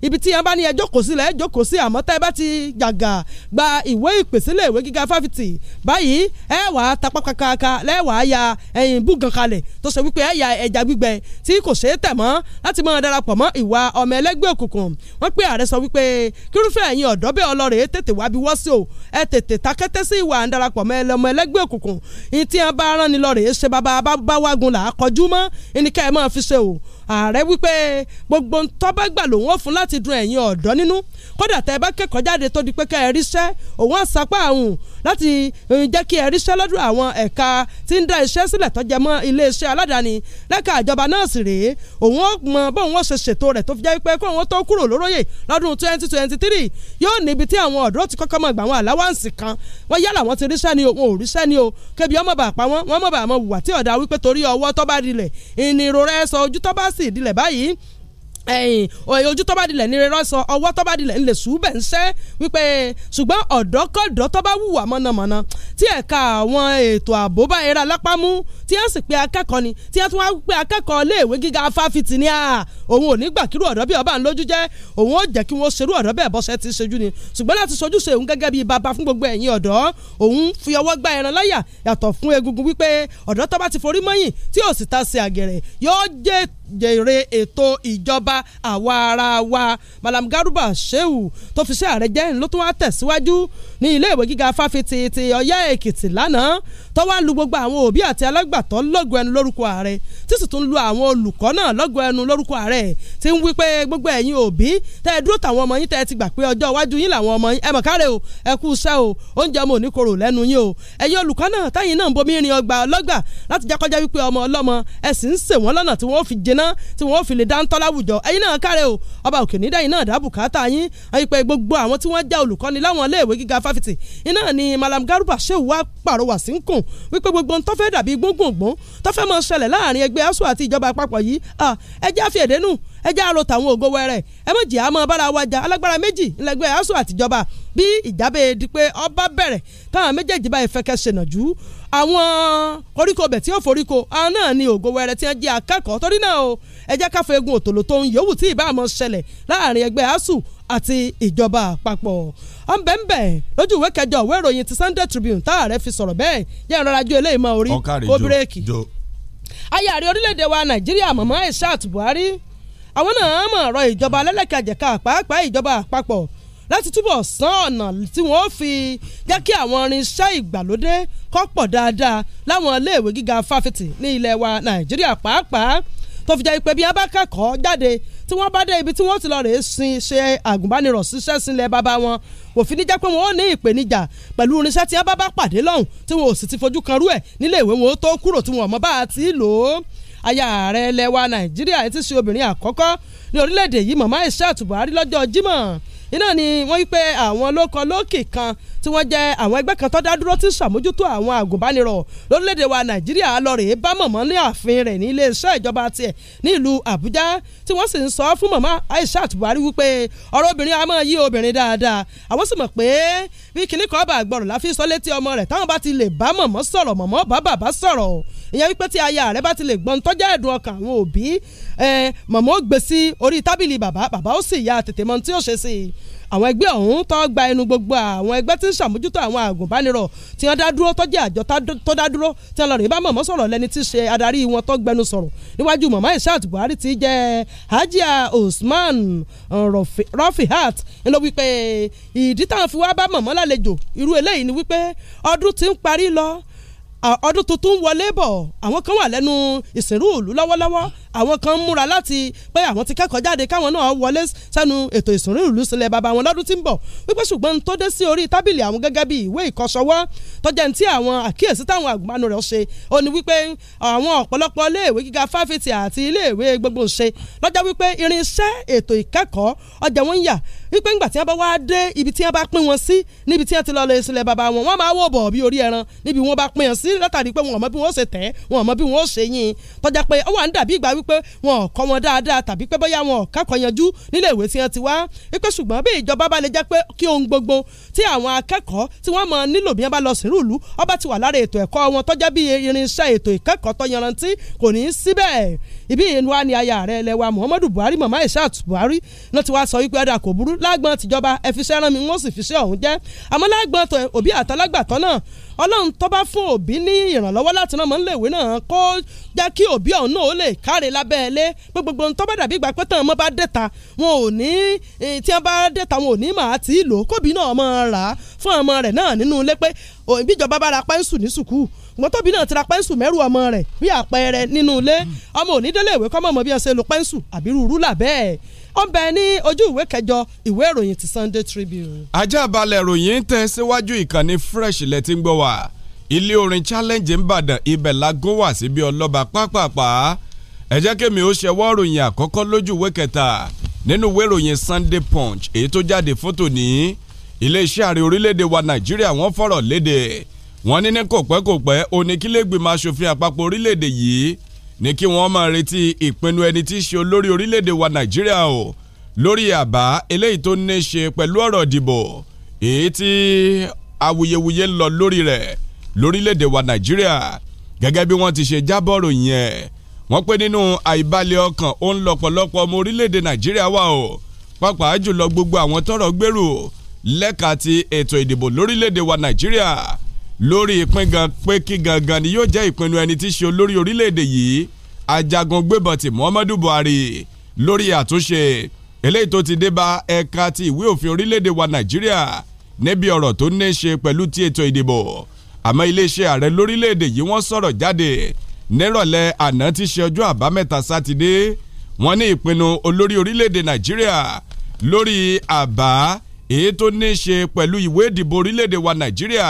ibi tí yẹn bá ní ẹ jókòó sílẹ̀ ẹ jókòó sí àmọ́ tẹ́ bá ti gàgà gba ìwé ìpèsílẹ̀ ìwé gíga fáfitì báyìí ẹ wà á tapá kakaka lẹ́wà á ya ẹyin búgan kalẹ̀ tó ṣe wípé ẹ ya ẹja gbígbẹ tí kò ṣeé tẹ̀ mọ́ láti máa darapọ̀ mọ́ ìwà ọmọ ẹlẹ́gbẹ́ òkùnkùn wọ́n pé ààrẹ sọ wípé kírúfẹ́ ẹ̀yin ọ̀dọ́ bẹ́ẹ̀ ọlọ́rẹ̀ tètè wá bí wọ́sí o ẹ tètè takété bàbá bá wágun là á kọjú mọ́ ẹnikẹ́ ẹ máa fi ṣe o ààrẹ wípé gbogbo ntọ́bá gbà lòun ó fún láti dun ẹ̀yin ọ̀dọ́ nínú kódà tẹ́ ẹ bá kẹ́kọ̀ọ́ jáde tó di pé ká ẹ ríṣẹ́ òun àsápá àrùn láti eh, jẹ́ kí ẹ ríṣẹ́ lọ́dọ̀ àwọn ẹ̀ka tí ń dá iṣẹ́ sílẹ̀ tó jẹ mọ́ iléeṣẹ́ aládàáni lẹ́ka ìjọba náà sì rèé òun ó mọ bóun ó ṣe ṣètò rẹ̀ tó fi jẹ́ pé kó òun tó kúrò lóróyè lọ́dún twenty twenty three yóò níbi tí àwọn ọ̀dọ́ ti kọ́kọ́ mọ̀ gbà wọn àláwáǹsì kan wọ́n yálà wọ́n ti ríṣẹ́ ni o wọn ò ríṣẹ́ ni o kébi ọmọ bàpá wọn wọ́n mọ̀ bà mọ̀ wùwà tí ọ̀dà wípé torí ọwọ́ tó bá dilẹ̀ bá sì dilẹ̀ báyìí ẹ̀yìn ojú tó dilẹ̀ ní rẹ́rọ́ sọ ọwọ́ tó dilẹ̀ ńlẹ̀ sùúbẹ̀ ńṣẹ́ wípé ṣùgbọ́n ọ̀dọ́kọ̀dọ́ tó wùwà mọ̀nàmọ́ná tí ẹ̀ka àwọn ètò ààbò bá ẹ̀rọ alápámú tí ẹ̀ sì pé akẹ́kọ̀ọ́ ni tí ẹ̀ tún wá pé akẹ́kọ̀ọ́ iléèwé gíga fáfitì ni òun ò ní gbà kírú ọ̀dọ́ bí ọba ń lójú jẹ́ òun ó jẹ́ kí wọ́n ṣerú ọ̀dọ́ bẹ́ẹ̀ bọ́sẹ̀ ti ṣojú ni ṣùgbọ́n láti ṣojú ṣe òun gẹ́gẹ́ bí bàbá fún gbogbo ẹ̀yin ọ̀dọ́ òun fi ọwọ́ gba ẹran láyà yàtọ̀ fún egungun wípé ọ̀dọ́ tó bá ti forí mọ́yìn tí ò sì ta sí àgẹ̀rẹ̀ yóò jẹ́ jèrè ètò ìjọba àwa ara wa Malam Garuba Shehu tó fi ṣe ààrẹ jẹ́ ló tún wá tẹ̀síwájú ní iléèwé gíga fáfitì ti Ọ̀yọ́ Èkìtì lánàá tó wá lu gbogbo àwọn òbí àti alágbàtọ́ lọ́gùn ẹnu lórúkọ ààrẹ tí sì tún lu àwọn olùkọ́ náà lọ́gùn ẹnu lórúkọ ààrẹ tí ń wí pé gbogbo ẹ̀yin òbí tẹ́ ẹ dúró tàwọn ọmọ yín tẹ́ ẹ ti gbà pé ọjọ́ iwájú yín làwọn ọmọ yín ẹ mọ̀ o ẹ kú iṣẹ́ o oúnjẹ ọmọ òní korò lẹ́nu yín o ẹ̀yin olùkọ́ náà táyìn náà ń bomi rin ọgbà ọlọ́gbà láti jákọ́já wípé ọmọ ọlọ́mọ ẹ ṣe ná tí wọ́n fi lè dá ń tọ́ láwùjọ ẹ̀yin náà kárẹ̀ o ọba òkè ní dẹ́yìn náà dá bùkátà yín àyípẹ́ gbogbo àwọn tí wọ́n já olùkọ́ni láwọn iléèwé gíga fáfitì iná ni Malam Garuba Shehu wa pàrọwà sí ń kùn wípé gbogbo ń tọ́fẹ́ dàbí gbóngbòngbòn tọ́fẹ́ máa ṣẹlẹ̀ láàrin ẹgbẹ́ ASUU àti ìjọba àpapọ̀ yìí ẹ àfi èdè nù àrò tàwọn ògo wẹrẹ ẹ bí ìjábẹ́ di pé ọba bẹ̀rẹ̀ táwọn méjèèjì báyìí fẹ́ kẹ́ ṣènà jù àwọn koríko bẹ̀ tí ó foríko àwọn náà ni ògo wẹrẹ tí wọ́n jẹ́ akẹ́kọ̀ọ́ torí náà o ẹ jẹ́ ká fẹ́ egun òtòló tó ń yòówù tí ìbámu ṣẹlẹ̀ láàrin ẹgbẹ́ asuu àti ìjọba àpapọ̀ ọ̀nbẹ̀nbẹ̀ lójú ìwé kẹjọ ìwé ìròyìn ti Sunday Tribune tá ààrẹ fi sọ̀rọ̀ bẹ́ẹ̀ yẹ́ ìrora ju eléyìí mọ́ orí kó bírèkì. ayé ààrẹ orílẹ̀-èdè wa Nàìjíríà mọ̀mọ́ Aishat Buhari àwọn náà mọ̀ ọ̀rọ̀ ìjọba alẹ́lẹ́kẹ̀jẹ̀ka pàápàá ìjọba àpapọ̀ láti túbọ̀ sán ọ̀nà tí wọ́n fi jẹ́ kí àwọn irinṣẹ́ ìgbàlódé kọ́ pọ̀ dáadáa láwọn iléèwé gíga fáfitì ní ilẹ̀ wa Nàìjíríà pàápàá tó fi jẹ́ pé bí abá jáde tí wọ́n bá dé ibi tí wọ́n ti lọ rèé sin ṣe àgùnbánirọ̀ ṣiṣẹ́ sílẹ̀ bàbá wọn kò fi ní jẹ́ pé wọ́n ní ìpèníjà pẹ̀lú irinṣẹ́ tí wọ́n bá pàdé lọ́hùn tí wọ́n ò sì ti fojú kan rú ẹ̀ nílé ìwé wọn tó kúrò tí wọ́n mọ̀ bá a ti lò ó aya ààrẹ ilẹ̀ wa Nàìjíríà ti ṣe obìnrin àkọ́kọ́ ní orílẹ̀-èdè yìí màmá Aishat Buhari lọ́jọ́ Jímọ̀ iná ni wọ́n wípé àwọn lóko lókè kan tí wọ́n jẹ́ àwọn ẹgbẹ́ kan tó dá dúró tí sàmójútó àwọn àgùnbánirọ̀ lórílẹ̀‐èdè wa nàìjíríà lọ rèé bá mọ̀mọ́ ní ààfin rẹ̀ ní iléeṣẹ́ ìjọba tiẹ̀ ní ìlú àbújá tí wọ́n sì ń sọ fún mọ̀mọ́ aishat buhari wípé ọ̀rọ̀ obìnrin a máa yí obìnrin dáadáa àwọn sì mọ̀ pé bí kinní kan bá gbọ́rọ̀ láfi sọ létí ọmọ rẹ̀ táwọn bá ti lè bá mọ̀mọ́ sọ̀rọ̀ mọ̀mọ́ bá bàbá sọ̀rọ̀ ìyẹn wípé tí aya rẹ bá ti lè gbọ́n tọ́jà ẹ̀dùn ọkàn àwọn òbí mọ̀mọ́ gbé sí orí tábìlì bàbá bàbá ó sì ya tètè mọ̀ tí ó ṣe sí i àwọn ẹgbẹ́ ọ̀hún tó gba ẹnu gbogbo àwọn ẹgbẹ́ tí ń ṣàmójútó àwọn àgùnbánirọ̀ tí wọ́n dá dúró tó àjọ tó dá dúró tí wọ́n lọ rìn bá mọ̀mọ́ sọ̀rọ̀ lẹ́ni tí ṣe adarí wọn tó gbẹnu sọ̀rọ̀ níwájú mọ̀mọ́ Ishat Buhari ti jẹ́ Hajia Usman Rafihat ń lọ wípé ìdí táwọn fi wá bá mọ̀mọ́ lálejò irú eléyìí ni wípé ọdún ti ń parí lọ ọdún tuntun wọlé bọ̀ àwọn kan wà lẹ́nu ìsìnrú òlu lọ́wọ́lọ́wọ́ àwọn kan ń múra láti pé àwọn ti kẹ́kọ̀ọ́ jáde káwọn náà wọlé sẹ́nu ètò ìsìnrú ìlú sílẹ̀ bàbá wọn lọ́dún tí ń bọ̀ wípé ṣùgbọ́n n tó dé sí orí tábìlì àwọn gẹ́gẹ́ bí ìwé ìkọ́sọwọ́ tọ́jà ní ti àwọn àkíyèsí táwọn àgbàánu rẹ̀ ṣe ó ní wípé àwọn ọ̀pọ̀lọpọ̀ iléèwé gíga fáfitì àti iléèwé gbogbo ṣe lọ́jọ́ wípé irinṣẹ́ ètò ìkẹ́kọ̀ọ́ ọjà wọn ń yà wípé ńgbà tí wọ́n bá wá dé ibi tí wọ́n bá pín wọn sí níbi tí wọ́n ti lọ lè sílẹ̀ bàbá wọn wọ́n máa wò bọ̀ bí orí ẹran níbi wọ́n bá pín wọn sí látàrí pé wọn ò mọ bí wọ́n ṣe tẹ̀ wọn ò mọ bí wọ́n ṣe yìn tọ́já pé ó wà ń dàbí ìgbà wípé wọn ò kọ́ wọn dáadáa tàbí pé bóyá wọn ò kákọ̀ọ́ yanjú nílé ìwé tí wọ́n ti wá wípé ṣùgbọ́n bí ìjọba bá lè jẹ́ pé kí ohun gbogbo tí àwọn akẹ́kọ̀ọ́ tí wọ́n mọ nílò bí wọ́n lágbọn tìjọba ẹ fi ṣẹ́ rán mi wọ́n sì fi ṣẹ́ ọ̀hún jẹ́ àmọ́ lágbọn tó òbí àtàlágbàtọ́ náà ọlọ́run tó bá fún òbí ní ìrànlọ́wọ́ láti rán mọ́lẹ́wé náà kó jẹ́ kí òbí ọ̀hún náà ó lè káre lábẹ́ ẹlé gbogbo ohun tó bá dàbí ìgbà pé tán ọmọ bá dẹ́ta wọn ò ní tí wọn bá dẹ́ta wọn ò ní màá tí ì lò kóbi náà ọmọ rà á fún ọmọ rẹ̀ náà nínú ilé pé ìbíjọba bá ra pẹ́ńsù ní sùkúù wọn tóbi náà ti ra pẹ́ńsù mẹ́rù ọmọ rẹ̀ bí àpẹẹrẹ nínú ilé ọmọ òní délé ìwé kọ́mọ̀ mọ́ bí wọ́n ṣe lo pẹ́ńsù àbí rúrú là bẹ́ẹ̀ ó ń bẹ ní ojú ìwé kẹjọ ìwé ìròyìn ti Sunday Tribune. ajá balẹ̀ ìròyìn tẹ́ síwájú ìkànnì fresh lẹ ti ń gbọ́ wá ilé orin challenge ńbàdàn ibẹ̀ la gó wá síbi ọlọ́ba pápápá ẹ jẹ́ kí mi ó ṣẹwọ́ ròyìn àkọ́kọ́ lójú ìwé kẹta nínú ìwé ìròyìn Sunday Punch èyí tó jáde fótó ní iléeṣẹ́ ààrẹ orílẹ̀-èdè wa Nàìjíríà wọ́n fọ̀rọ̀ léde wọ́n ní ní kò pẹ́ kò pẹ́ oníkílẹ̀gbìmọ̀ asòfin àpapọ̀ orílẹ̀-èdè yìí ní kí wọ́n máa retí ìpinnu ẹni tí í ṣe olórí orílẹ̀-èdè wa nàìjíríà o lórí àbá eléyìí tó ní ṣe pẹ̀lú ọ̀rọ̀ ìdìbò èyí tí awuyewuye ń lọ lórí rẹ̀ lórílẹ̀-èdè wa nàìjíríà gẹ́gẹ́ bí wọ́n ti ṣe jábọ̀rò yẹn wọ́n pé nínú àìbalẹ̀ ọkàn ó ń lọ́pọ̀lọpọ̀ ọmọ orílẹ̀-èdè nàìjíríà wà o pàápàá jùlọ gbogbo àwọn tọ́rọ̀ gbèrú lẹ́ka ti ètò ìdìbò lórílẹ̀-èdè wa nàìjíríà lórí ìpín gan pé kí gangan ni yóò jẹ́ ìpinnu ẹni tí í ṣe olórí orílẹ̀-èdè yìí ajagun gbébọn ti Muhammadu Buhari lórí àtúnṣe eléyìí tó ti dé bá ẹ̀ka ti ìwé òfin orílẹ̀-èdè wa Nàìjíríà níbi ọ̀rọ̀ tó ní í ṣe pẹ̀lú ti ètò ìdìbò àmọ́ iléeṣẹ́ ààrẹ lórílẹ̀-èdè yìí wọ́n sọ̀rọ̀ jáde nírọ̀lẹ́ àná tí í ṣe ọjọ́ àbámẹ́ta sátidé wọ́n ní ìpinnu olórí orílẹ̀-èdè Nàìjíríà lórí àbá èyí tó ní í ṣe pẹ̀lú ìwé ìdìbò orílẹ̀-èdè wa Nàìjíríà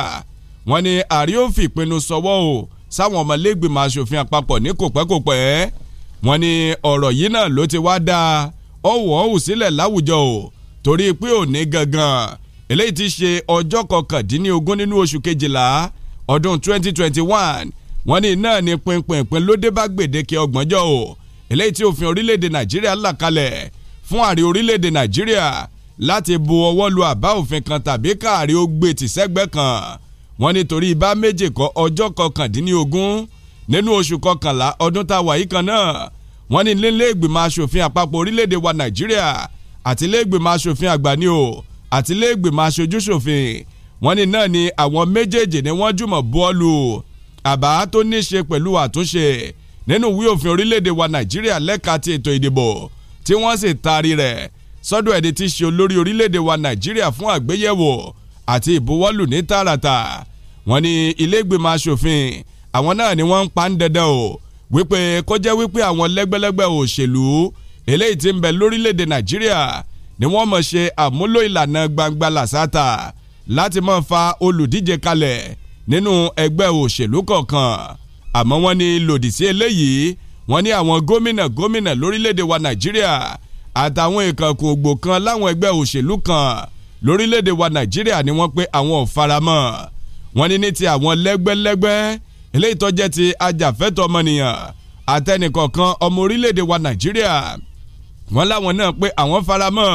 wọ́n ní àrí ó fi ìpinnu sọwọ́ o sáwọn ọmọlẹ́gbìmọ̀ asòfin àpapọ̀ ní kò pẹ́kòpẹ́ wọ́n ní ọ̀rọ̀ yìí náà ló ti wá da ọ̀wọ́ òwù sílẹ̀ láwùjọ o torí pé òní gangan eléyìí ti ṣe ọjọ́ kọkàndínlógún nínú oṣù kejìlá ọdún 2021 wọ́n ní náà ni pinpinpin ló dé bá gbèdéke ọgbọ̀njọ́ o eléyìí tí òfin orílẹ̀-èdè nàìjíríà là kalẹ̀ fún ààrẹ orílẹ̀-èdè nàìjíríà láti bu ọwọ́ lu àbá òfin kan tàbí káàrí ó gbé tìṣẹ́gbẹ́ kan wọ́n nítorí bá méje kọ́ ọjọ́ kọkàndínlógún nínú oṣù kọkànlá ọdún tá a wà yìí kan náà wọ́n ní nílé asòfin àpapọ̀ orílẹ̀-èdè wa nàìjíríà àti ilé ìgbìmọ̀ asòfin àgbà ni o àti ilé ìgbìmọ̀ aṣojúṣòfin wọ́n ní náà ni àwọn méjèèjì ni wọ́n jùmọ̀ bọ́ọ̀lù àbá tó ní ṣe pẹ̀lú àtúnṣe nínú ìwé òfin orílẹ̀-èdè wa nàìjíríà lẹ́ka ti ètò ìdìbò tí wọ́n sì taari rẹ̀ sọ́dọ̀ ẹni tí ṣe olórí orílẹ̀-èdè wa nàìjíríà fún àgbéyẹ̀wò àti ìbuwọ́lù ní tààràtà wọ́n ní ilégbèmọ̀ asòfin àwọn náà ni wọ́n ń pa ń dandan o wípé kó jẹ́ wípé àwọn lẹ́gbẹ́lẹ́gbẹ́ òṣèlú eléyìí tí ń bẹ lórílẹ̀‐èdè nàìjíríà ni wọ́n mọ̀ ṣe àmúlò ìlànà gbangba làṣàtà láti máa fa olùdíje kalẹ̀ nínú ẹgbẹ́ òṣèlú kọ̀ọ̀kan àmọ́ wọ́n ní lòdì sí eléyìí wọ́n ní àwọn gómìnà gómìnà lórílẹ̀‐èdè wa nàìjíríà àtàwọn ìkànkùn ògbò kan láwọn ẹgbẹ́ òṣèlú kan lórílẹ̀‐èdè wa nàìjíríà ni wọ́n pé àwọn ò faramọ́ wọ́n ní ní ti àwọn lẹ́gbẹ́lẹ́gbẹ́ eléyìí tó jẹ́ ti ajàfẹ́tọ̀ ọmọnìyàn àtẹnìkọ̀ọ̀kan ọmọ orílẹ̀‐èdè wa nàìjíríà wọ́n láwọn náà pé àwọn faramọ́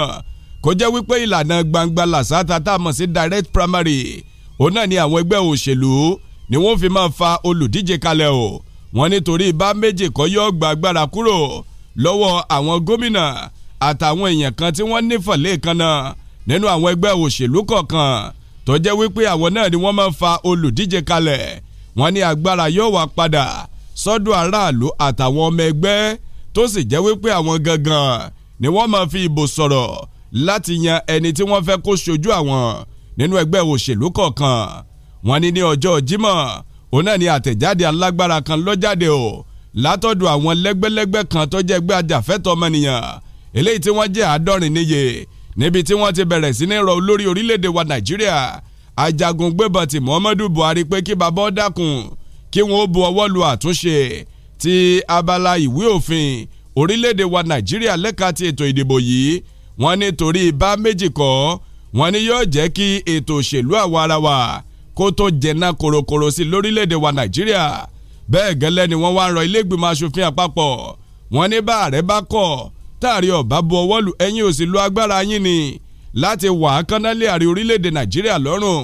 kó jẹ́ wípé ìlànà gbangba làṣàtà tá a mọ̀ sí direct primary òun náà ni àwọn ẹgbẹ́ òṣèlú ni wọ́n fi máa fa olùdíje kalẹ̀ o wọ́n nítorí bá méjì kọ́ yọ gba agbára kúrò lọ́wọ́ àwọn gómìnà àtàwọn èèyàn kan tí wọ́n nífọ̀ lẹ́ẹ̀kan náà nínú àwọn ẹgbẹ́ òṣèlú kọ̀ọ̀kan tó jẹ́ wípé àwọn náà ni wọ́n máa ń fa olùdíje kalẹ̀ wọ́n ní agbára yóò wá padà sọ́dọ̀ aráàlú àtàwọn ọmọ ẹgbẹ́ tó sì jẹ́ wípé àwọn gangan ni wọ́n máa fi ìbò sọ̀rọ̀ láti yan ẹni tí wọ́n fẹ́ kó ṣojú àwọn nínú ẹgbẹ́ òṣèlú kọ̀ọ̀kan wọ́n ní ní ọjọ́ Jímọ̀ òun náà ni àtẹ̀jáde alágbára kan ló jáde o látọ̀dọ̀ àwọn lẹ́gbẹ́lẹ́gbẹ́ kan tó jẹ́ ẹgbẹ́ ajàfẹ́tọ̀ọ́ ọmọnìyàn eléyìí tí wọ́n jẹ́ àádọ́rin níye níbi tí wọ́n ti bẹ̀rẹ̀ sí ní rọ olórí orílẹ̀-èdè wa nàìjíríà ajagun gbébọn ti muhammadu buhari pé kí bàbá dákun kí wọ́n bu ọwọ́ lu àtúnṣe ti abala ìwé òfin orílẹ̀-èdè wa nàìjíríà lẹ́ka ti ètò ìdìbò yìí wọ́n ní torí bá méjì kọ́ wọ́n ní yóò jẹ́ kí ètò òṣèlú àwarawa kó tó jẹ̀nà korokoro sí lórílẹ̀-èdè wa nàìjíríà bẹ́ẹ̀ gẹ́lẹ́ ni wọ́n wá ń rọ ilé ìgbìmọ̀ asòfin àpapọ̀ wọ́n ní bá ààrẹ bá kọ̀ táàrí ọ̀bá bu ọwọ́ lù ẹ̀yin ò sì lo agbára yín ni láti wà á kánálé àrí orílẹ̀-èdè nàìjíríà lọ́rùn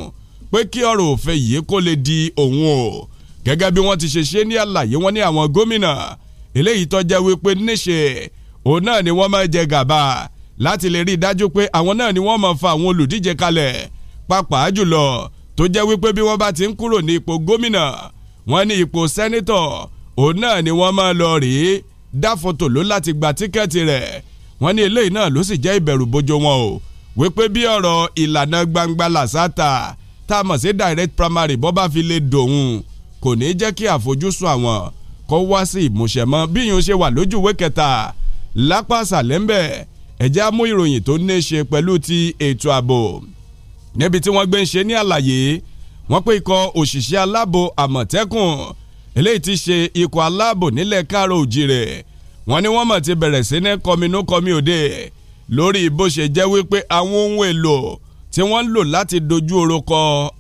pé kí ọ̀rọ̀ òfin yìí kó lè di òun o gẹ́gẹ́ bí wọ́n ti ṣe ṣe ní àlàyé wọn ní àwọn gómìnà eléyìí tó wípé níṣe òun náà ni wọ́n máa jẹ gàba láti lè rí i dájú pé àwọn náà ni wọ́n máa fa àwọn olùdíje kalẹ̀ pàápàá jùlọ tó jẹ́ wípé bí wọ́n bá ti ń kúrò ní ipò gómìnà wọ́n ní ipò sẹ́nítọ̀ òun náà ni wọ́n máa lọ rèé dáfọ́tò ló láti gba tíkẹ́ẹ̀tì rẹ̀ wọ́n ní eléyìí náà ló sì jẹ́ ìbẹ̀rù bojo wọn o wípé bí ọ̀rọ̀ ìlànà gbangba làṣàtà tá a mọ̀ sí direct primary bọ́ bá fi lè dòun kò ní jẹ́ kí àfojúsùn àwọn kó wá sí ìmúṣẹ mọ́ bí yìí ṣe wà lójú ìwé kẹta lápá àṣàlẹ̀ ẹ̀jẹ̀ á ìròyìn tó ní ṣe pẹ̀lú ti ètò ààbò níbi tí wọ́n gbé ń ṣe ní àlàyé wọ́n pé ikọ̀ òṣìṣẹ́ aláàbò àmọ̀tẹ́kùn eléyìí ti ṣe ikọ̀ aláàbò nílẹ̀ káàró òjì rẹ̀ wọ́n ní wọ́n mọ̀ ti bẹ̀rẹ̀ sí ní kọminú kọmi òde lórí bó ṣe jẹ́ wípé àwọn ohun èlò tí wọ́n ń lò láti dojú oró kọ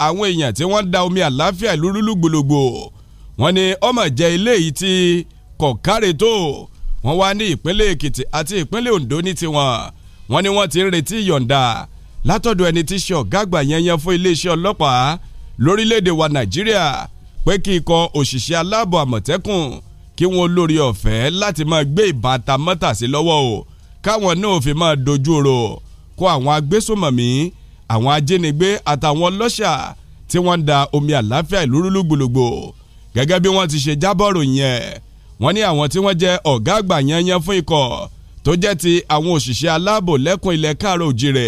àwọn èèyàn tí wọ́n da omi àláfíà ìlú rúlú gbòlògbò wọ́n ní ọmọ jẹ́ ilé yìí ti kọ̀ káre tó wọ́n wá ní ìpínlẹ̀ Èkìtì àti ìpínlẹ̀ Ondo ní tiwọn wọ́n ní wọ́n ti ń retí yọ̀ǹda látọ̀dọ̀ ẹni tí ṣe ọ̀gá àgbà yẹnyẹn fún iléeṣẹ́ ọlọ́pàá lórílẹ̀ wa Nàìjíríà pé kí ikọ̀ òṣìṣẹ́ aláàbò Àmọ̀tẹ́kùn kí wọ́n lórí ọ̀fẹ́ láti máa gbé ìbáta mọ́tàsí lọ́wọ́ o káwọn náà ò fi máa dojú ro kó àwọn agbésùmọ̀mí àwọn ajínigbé àtàwọn ọlọ́ṣà tí wọ́n ń da omi àláfíà ìlú rúlú gbòlògbò gẹ́gẹ́ bí wọ́n ti ṣe jábọ̀rò yẹn wọ́n ní àwọn tí wọ́n jẹ́ ọ̀gá àgbà yanyan fún ikọ̀ tó jẹ́ ti àwọn òṣìṣẹ́ aláàbò lẹ́kùn ilẹ̀ káàrọ̀ òjìrè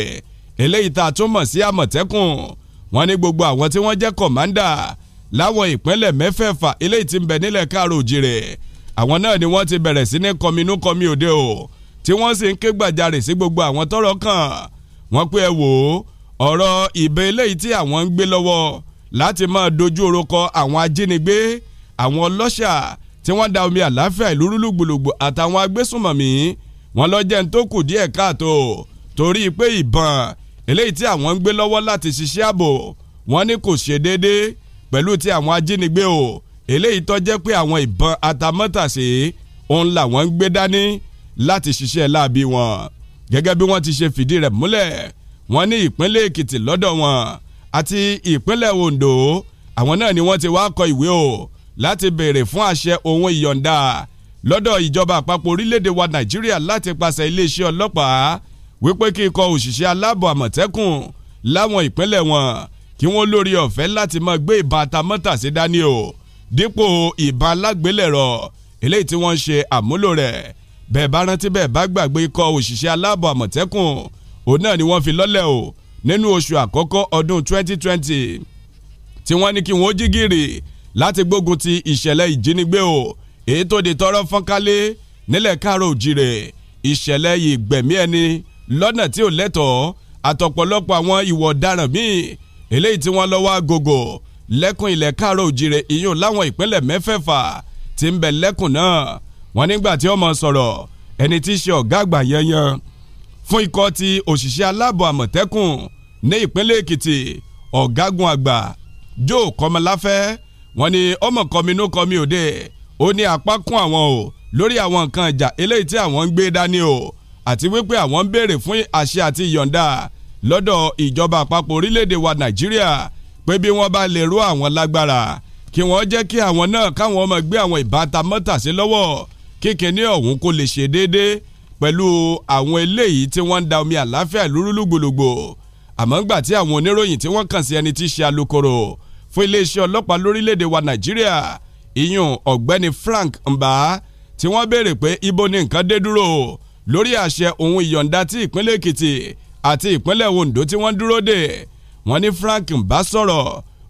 eléyìí tá a tún mọ̀ sí àmọ̀tẹ́kùn wọ́n ní gbogbo àwọn tí wọ́n jẹ́ kọ̀mándà láwọn ìpínlẹ̀ mẹ́fẹ̀ẹ̀fà eléyìí tí ń bẹ nílẹ̀ káàrọ̀ òjìrè àwọn náà ni wọ́n ti bẹ̀rẹ̀ sí ní kọminú kọmi òde o tí wọ́n sì ń ké gbàjarè sí gbogbo àwọn tọ́rọ̀ kàn wọ́n pé ẹ wò ó ọ̀rọ̀ ìbẹ́ eléyìí tí àwọn ń gbé lọ́wọ́ láti máa dojú orúkọ àwọn ajínigbé àwọn ọlọ́ṣà tí wọ́n da omi àláfíà ìlú rúlùgbòlògbò àtàwọn agbésùnmọ̀mí wọn lọ jẹ́ ń díẹ̀ káàtó torí pé ìbọn eléyìí tí àwọn ń gbé lọ́wọ́ láti ṣiṣẹ́ ààbò wọn ní kò ṣe déédéé pẹ̀lú ti àwọn ajínigbé o eléyìí tó jẹ́ pé àwọn ìbọn atamọ́tàsé òun làwọn ń gbé dání láti ṣiṣẹ́ láabi wọn gẹ́gẹ́ bí wọ́n ti ṣe fìdí rẹ̀ múlẹ̀ wọ́n ní ìpínlẹ̀ Èkìtì lọ́dọ̀ wọn àti ìpínlẹ̀ Ondo àwọn náà ni wọ́n ti wá kọ ìwé o láti béèrè fún àṣẹ ohun ìyọ̀ǹda lọ́dọ̀ ìjọba àpapọ̀ orílẹ̀-èdè wa Nàìjíríà láti pàṣẹ iléeṣẹ́ ọlọ́pàá wípé kí ikọ̀ òṣìṣẹ́ aláàbọ̀ àmọ̀tẹ́kùn láwọn ìpínlẹ̀ wọn kí wọ́n lórí ọ̀fẹ́ láti máa gbé ìbọn atamọ́tàsí dání o dípò ìbọn alágbélẹ̀rọ eléyìí tí wọ́n ń ṣe àmúlò rẹ̀ bẹ́ẹ̀ bá rántí bẹ́ẹ̀ bá gbàgbé ikọ̀ òṣìṣẹ́ aláàbò àmọ̀tẹ́kùn òun náà ni wọ́n fi lọ́lẹ̀ o nínú oṣù àkọ́kọ́ ọdún 2020 tí wọ́n ní kí wọ́n jí gìrì láti gbógun ti ìṣẹ̀lẹ̀ ìjínigbé o èyí tó di tọ́rọ́ fọ́nkálé nílẹ̀ káàrọ̀ òjìrè ìṣẹ̀lẹ̀ ìgbẹ̀mí ẹni lọ́nà tí ò lẹ́tọ̀ọ́ àtọ̀pọ̀lọpọ̀ àwọn ìwọ̀ ọ̀daràn míì eléyìí tí wọ́n lọ́wọ́ agogo lẹ́kùn ilẹ̀ káàró òjire ìyún láwọn ìpínlẹ̀ mẹ́fẹ̀ẹ̀fà tí ń bẹ lẹ́kùn náà wọ́n nígbà tí ọmọ sọ̀rọ̀ ẹni tí í ṣe ọ̀gá àgbà yẹnyẹn fún ikọ̀ ti òṣìṣẹ́ aláàbọ̀ àmọ̀tẹ́kùn ní ìpínlẹ̀ èkìtì ọ̀gágun àgbà joe kọmọláfẹ́ wọ́n ní ọmọ kọminú kọmi òde ó ní apá kún àwọn o lórí àwọn nǹkan ìjà eléyìí tí àwọn ń gbé dání o àti wípé àwọn ń béèrè fún àṣẹ àti ìyọ̀ǹda lọ́dọ̀ ìjọba àpapọ̀ orílẹ̀-èdè wa nàìjíríà pé bí wọ́n bá lè rú àwọn lágbára kí wọ́n jẹ́ kí àwọn náà káwọn ọmọ gbé àwọn ìbátan mọ́tàsí lọ́wọ́ kíkiní ọ̀hún kó lè ṣe déédéé pẹ̀lú àwọn eléyìí tí wọ́n ń da omi àláfíà lúrúlú gbòlògbò àmọ́ ńgbà tí àwọn oníròyìn tí wọ́n kàn sí ẹni tí ṣe alukoro fún iléeṣẹ́ ọlọ́pàá lórílẹ̀‐èdè wa nàìjíríà ìyún ọ̀gbẹ́ni Frank Mba tí wọ́n béèrè pé ibo ni nǹkan dé dúró lórí àṣẹ ohun ìyọ̀ǹda tí ìpínlẹ̀ Èkìtì àti ìpínlẹ̀ Ondo tí wọ́n dúró dè wọ́n ní Frank Mba sọ̀rọ̀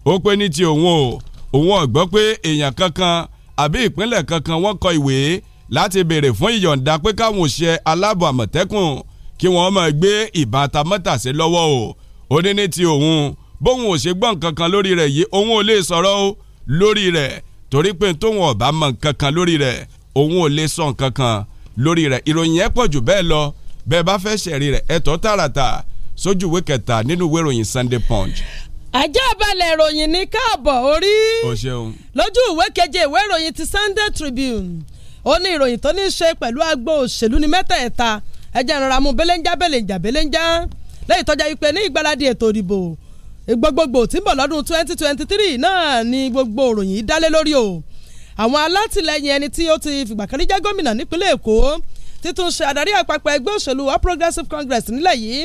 ó pé ní ti òun o òun ọ̀gbọ́ pé èèyàn kankan àbí ìpínlẹ̀ kankan wọ́n kọ ìwé láti béèrè fún ìyọ̀ǹda pé káwọn òṣìṣẹ́ aláàbò àmọ̀tẹ́kùn kí wọ́n máa gbé ìbọn atamọ́tàsé lọ́wọ́ o ó ní ní ti òun bóun ò ṣe gbọ́ nǹkan kan lórí rẹ̀ yìí òun ò lè sọ̀rọ̀ o lórí rẹ̀ torí pé tóun ọ̀bá mọ̀ nǹkan lórí rẹ̀ òun ò lè sọ nǹkan lórí rẹ̀ ìròyìn yẹn pọ̀ jù bẹ́ẹ̀ lọ bẹ́ẹ̀ bá fẹ́ ṣẹ̀rí rẹ̀ ẹ̀tọ́ tààràtà sójú ìwé kẹta nínú ìwé ìròyìn Sunday Punch ajá balẹ̀ ìròyìn ní káàbọ̀ orí lójú ìwé keje ìwé ìròyìn ti Sunday Tribune ó ní ìròyìn tó ní í ṣe pẹ̀lú agbo òṣèlú ní mẹ́tẹ̀ẹ̀ta ẹjẹ́ ìrora mú belenja belenja belenja lẹ́yìn tọ́já yìí pé ní ìgbáradì ètò ìdìbò gbogbogbò tí ń bọ̀ lọ́dún 2023 náà ni gbogbo ìròyìn dálé lórí o àwọn alátìlẹyìn ẹni tí ó ti fìgbà kan rí jẹ́ gómìnà nípínlẹ̀ Èkó títún ṣe adarí àpapọ̀ ẹgbẹ́ òṣèlú All Progressives Congress nílẹ̀ yìí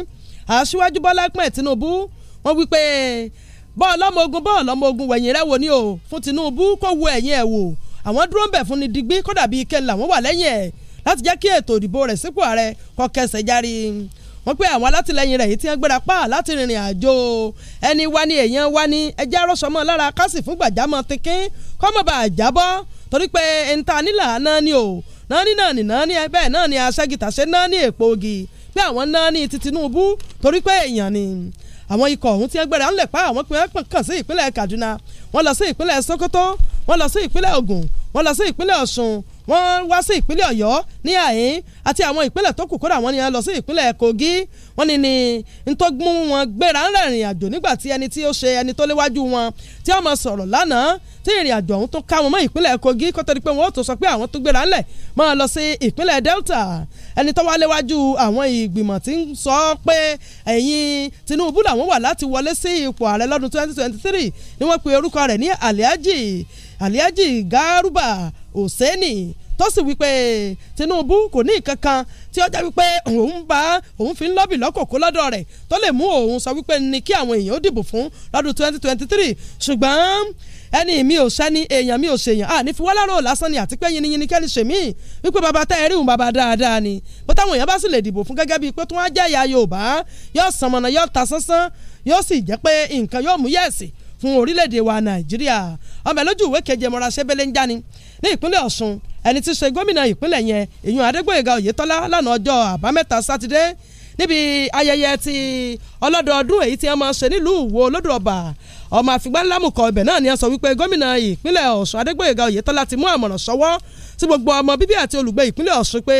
aṣíwájú Bọ́lá pẹ̀ Tinubu wọ́n wí pé bọ́ọ̀ lọ́mọ ogun bọ́ọ̀ ogun wẹ̀yìn rẹ̀ wò ni o fún Tinubu kó wo ẹ̀yìn ẹ̀ wò àwọn dúró ń bẹ̀ fún ni digbí kódà bíi ike làwọn wà lẹ́yìn ẹ̀ láti jẹ́ kí ètò ìdìbò rẹ̀ sípò ààrẹ kó kẹsẹ̀ járí wọ́n pé àwọn alátìlẹyìn rẹ̀ yìí ti ń gbéra pa láti rìnrìn àjò ẹni wá ní èèyàn wá ní ẹjẹ́ arọ́sọmọ lára kásì fún gbàjámọ́ tìkín kọ́mọba àjábọ́ torí pé ẹ̀ńtà ni o náà ní náà ní náà ní bẹ́ẹ̀ náà ní aṣẹ́gìtàṣẹ́ náà ní èpo ogi pé àwọn náà ní ti Tinubu torí pé èèyàn ni àwọn ikọ̀ ọ̀hún ti ẹgbẹ́rẹ́ ńlẹ̀ pa àwọn pínpín kàn sí ìpínlẹ̀ Kaduna wọ́n lọ sí ìpínlẹ̀ Sokoto wọ́n lọ sí ìpínlẹ̀ Ògùn wọ́n lọ sí ìpínlẹ̀ Ọ̀ṣun wọ́n wá sí ìpínlẹ̀ ọ̀yọ́ ní àyín àti àwọn ìpínlẹ̀ tó kù kódà wọ́n ní lọ sí ìpínlẹ̀ kogi wọ́n ní ní ntọ́gbọ́n wọn gbéra ń rìnrìn àjò nígbà tí ẹni tí ó ṣe ẹni tó léwájú wọn tí wọ́n máa sọ̀rọ̀ lánàá tí ìrìn àjò ọ̀hún tó ká wọn mọ́ ìpínlẹ̀ kogi kó tó di pé wọ́n ó tó sọ pé àwọn tó gbéra ńlẹ̀ máa lọ sí ìpínlẹ̀ delta ẹni tó wá léwájú àwọn ìgbìmọ̀ tí ń sọ pé ẹ̀yìn tinubu làwọn wà láti wọlé sí ipò ààrẹ lọ́dún 2023 ni wọ́n pe orúkọ rẹ̀ ní alhaji Aliaji Garuba Oseni tó sì wípé Tinubu kò ní nǹkan kan tí ó jẹ́ wípé òun bá òun fi ń lọ́bì lọ́kòkó lọ́dọ̀ rẹ̀ tó lè mú òun sọ wípé ní kí àwọn èèyàn ó dìbò fún lọ́dún 2023 ṣùgbọ́n ẹni mi ò sẹ́ni èèyàn mi ò ṣèyàn àní fi wọ́lárò lásán ni àti pé yiniyini kẹ́ni ṣe mí wípé baba tá ẹ rí òun baba dáadáa ni bó táwọn èèyàn bá sì lè dìbò fún gẹ́gẹ́ bíi pé tí wọ́n jẹ́ ìyá Yorùbá yóò sànmọ́nà yóò ta sánsán yóò sì jẹ́ pé nǹkan yóò mú yẹ̀sì fún orílẹ̀-èdè wa nàìjíríà ọmọ ẹ̀ ìwé keje mọ́ra sẹ́bẹ̀lẹ̀ ń jáni ní ìpínlẹ̀ ọ̀ṣun ẹni tí í gómìnà ìpínlẹ̀ yẹn èyàn adégbòyèga oyètọ́lá lánàá ọjọ́ àbámẹ́ta sátidé níbi ayẹyẹ ti ọlọ́dọọdún èyí tí wọ́n ṣe nílùú ìwò olódò ọba ọmọ àfìgbánilámùkọ ibẹ̀ náà ni a sọ wípé gómìnà ìpínlẹ̀ ọ̀ṣun adégbòyèga oyètọ́lá ti mú àmọ̀ràn sọ́wọ́ sí gbogbo ọmọ bíbí àti olùgbé ìpínlẹ̀ ọ̀ṣun pé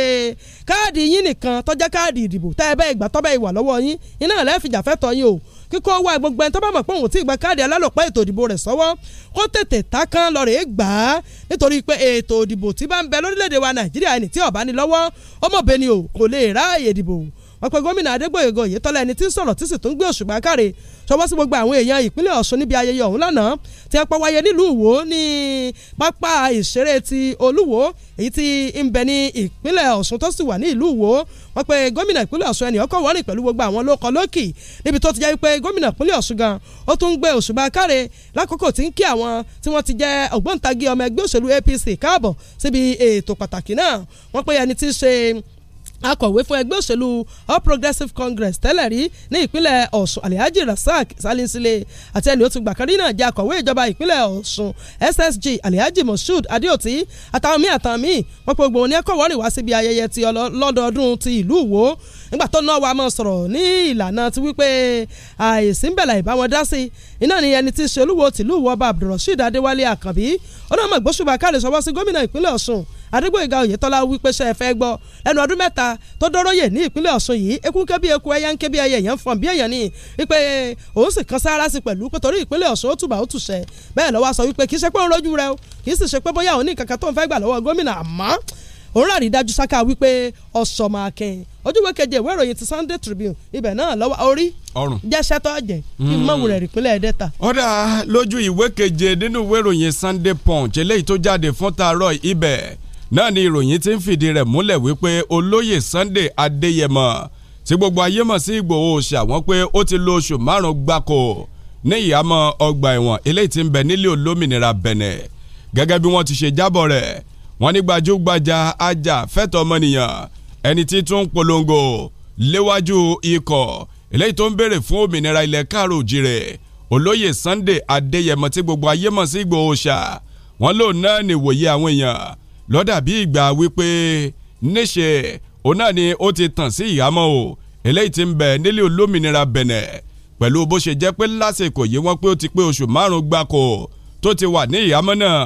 káàdì yín nìkan tó káàdì ìdìbò tẹ́ ẹ bẹ́ẹ̀ gbà tọ́ bẹ́ẹ̀ lọ́wọ́ yín iná lẹ́ẹ̀fìjà fẹ́ tọ́ yín o kíkọ́ wá gbogbo ẹni tó bá mọ̀ pé òun ti gba káàdì alálòpẹ́ ètò ìdìbò rẹ̀ sọ́wọ́ kó tètè ta kan lọ rèé gbà á nítorí pé ètò ìdìbò tí bá ń bẹ lórílẹ̀‐èdè wa Nàìjíríà ẹni tí ó bá lọ́wọ́ ọmọbìnrin ò kò lè ráàyè dìbò wọ́n pe gómìnà Adégbòyègò Oyètọ́lá ẹni tí ń sọ̀rọ̀ tí sì tún gbé òṣùpá káre ṣọwọ́ sí gbogbo àwọn èèyàn ìpínlẹ̀ Ọ̀ṣun níbi ayẹyẹ ọ̀hún lánàá tí apá wáyé nílùú Ìwó ní pápá ìṣeré ti Olúwo èyí tí ń bẹ ní ìpínlẹ̀ Ọ̀ṣun tó sì wà ní ìlú Ìwó wọ́n pe gómìnà ìpínlẹ̀ Ọ̀ṣun ẹnì ọkọ̀ wọ́rìn pẹ̀lú gbogbo àwọn lóko lókì níbi tó ti jẹ́ pé gómìnà ìpínlẹ̀ Ọ̀ṣun gan ó tún ń gbé òṣùbà káre lákòókò tí ń kí àwọn tí wọ́n ti jẹ́ ògbóǹtagì ọmọ ẹgbẹ́ òṣèlú APC káàbọ̀ síbi ètò pàtàkì náà wọ́n pe ẹni tí ń ṣe akọ̀wé fún ẹgbẹ́ òṣèlú All Progressives Congress tẹ́lẹ̀ rí ní ìpínlẹ̀ Ọ̀ṣun Alhaji Rasaq Salinsile àti ẹni ó ti gbàkan rí náà jẹ́ akọ̀wé ìjọba ìpínlẹ̀ Ọ̀ṣun SSG Alhaji Moshood Adeoti àtàwọn míì àtàwọn míì wọ́n pe gbogbo ní ẹ̀kọ́ wọ́n wá síbi ayẹyẹ ti ọlọ́dọọdún ti ìlú Ìwó nígbà tó náà wà máa sọ̀rọ̀ ní ìlànà ti wípé àìsí ńbẹ̀lẹ̀ ìbáwọn dá sí iná ni ẹni tí í ṣe olúwo tìlú Ìwó ọba Abdulrasheed Adéwálé Àkànbí ó náà mọ̀ gbósùbà káre sọwọ́ sí gómìnà ìpínlẹ̀ Ọ̀ṣun adégbòyìnká oyètọ́lá wípé ṣe é fẹ́ gbọ́ ẹnu ọdún mẹ́ta tó dọ́rọ́yè ní ìpínlẹ̀ ọ̀ṣun yìí ekú ké bí eku ẹyẹ ń ké bí ẹyẹ yẹn ń fọn bí èèyàn ni wípé òun sì kan sára sí pẹ̀lú pé torí ìpínlẹ̀ ọ̀ṣun ó tùbà ó tùṣẹ́ bẹ́ẹ̀ ló wá sọ wípé kì í ṣe pé òun rojú rẹ o kì í sì ṣe pé bóyá òun ní kankan tó ń fẹ́ gbà lọ́wọ́ gómìnà àmọ́ òun rà rí dájú sáká wípé ọ̀sọ̀mọ̀ ojúwe keje ìwé ìròyìn ti Sunday Tribune ibẹ̀ náà lọ́wọ́ orí ọrùn jẹ́sẹ́ tó jẹ́ kí mọ̀wù rẹ̀ ìpínlẹ̀ ẹ̀dẹ́ta. ọ̀dà lójú ìwé keje nínú ìwé ìròyìn Sunday Punch eléyìí tó jáde fún taarọ̀ ibẹ̀ náà ni ìròyìn ti ń fìdí rẹ̀ múlẹ̀ wípé olóyè Sunday Adéyẹmọ tí gbogbo ayé mọ̀ sí Ìgbòho Òòṣà wọ́n pé ó ti lo oṣù márùn-ún gbáko ní ìyàmọ́ ọgbà ẹ̀wọ̀n eléyìí ti ń bẹ nílé olómìnira Bẹ̀nẹ̀ gẹ́gẹ́ bí wọ́n ti ṣe jábọ̀ rẹ̀ wọ́n ní gbajúgbajà ajá fẹ́tọ̀ ọmọnìyàn ẹni tí tún polongo léwájú ikọ̀ eléyìí tó ń béèrè fún òmìnira ilẹ̀ káàrò jire olóyè Sunday Adéyẹmọ tí gbogbo ayé mọ̀ sí Ìgbòho Òòṣà wọ́n lò náà níwòye àwọn èèyàn lọ́dà bí ìgbà wípé níṣe òun náà ni ó ti tàn sí ìhámọ́ o eléyìí ti ń bẹ nílé olómìnira Bẹ̀nẹ̀ pẹ̀lú bó ṣe jẹ́ pé lásìkò yìí wọ́n pé ó ti pé oṣù márùn-ún gbáko tó ti wà ní ìhámọ́ náà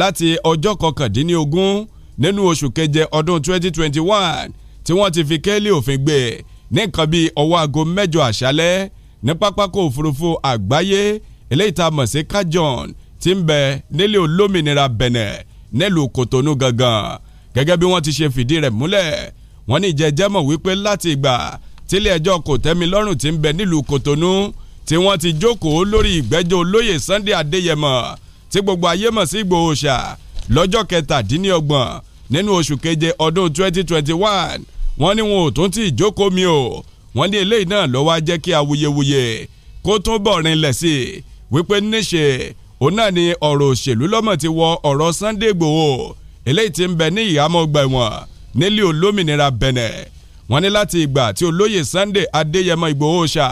láti ọjọ́ kọkàndínlógún nínú oṣù keje ọdún 2021 tí wọ́n ti fi kẹ́lí òfin gbé e ní nǹkan bíi ọwọ́ aago mẹ́jọ àṣálẹ́ ní pápákọ̀ òfurufú àgbáyé eléyìí tá mọ̀ sí Cajon ti ń bẹ nílé olómìnira Bẹ̀nẹ̀ nílùú Kòtónú gangan gẹ́gẹ́ bí wọ́n ti ṣe fìdí rẹ̀ múlẹ̀ wọ́n ní ìjẹ́jẹ́mọ̀ wípé láti ìgbà tílé ẹjọ́ kòtẹ́milọ́rùn ti ń bẹ nílùú Kòtónú tí wọ́n ti jókòó lórí ìgbẹ́jọ́ olóyè Sunday Adéyẹmọ tí gbogbo ayé mọ̀ sí Ìgbòho ṣà lọ́jọ́ kẹtàdínlọ́gbọ̀n nínú oṣù keje ọdún 2021 wọ́n ní wọn ò tún tí ì jókòó mi o wọ́n ní eléyìí náà ló wá jẹ́ kí awuyewuye kó tún bọ̀ rinlẹ̀ sí wípé níṣe òun náà ni ọ̀rọ̀ òṣèlú lọ́mọ̀ ti wọ ọ̀rọ̀ Sunday Igboho eléyìí ti ń bẹ ní ìhámọ́ ọgbà ẹ̀wọ̀n nílé olómìnira Benin wọ́n ní láti ìgbà tí olóyè Sunday Adéyẹmọ Igboho ṣá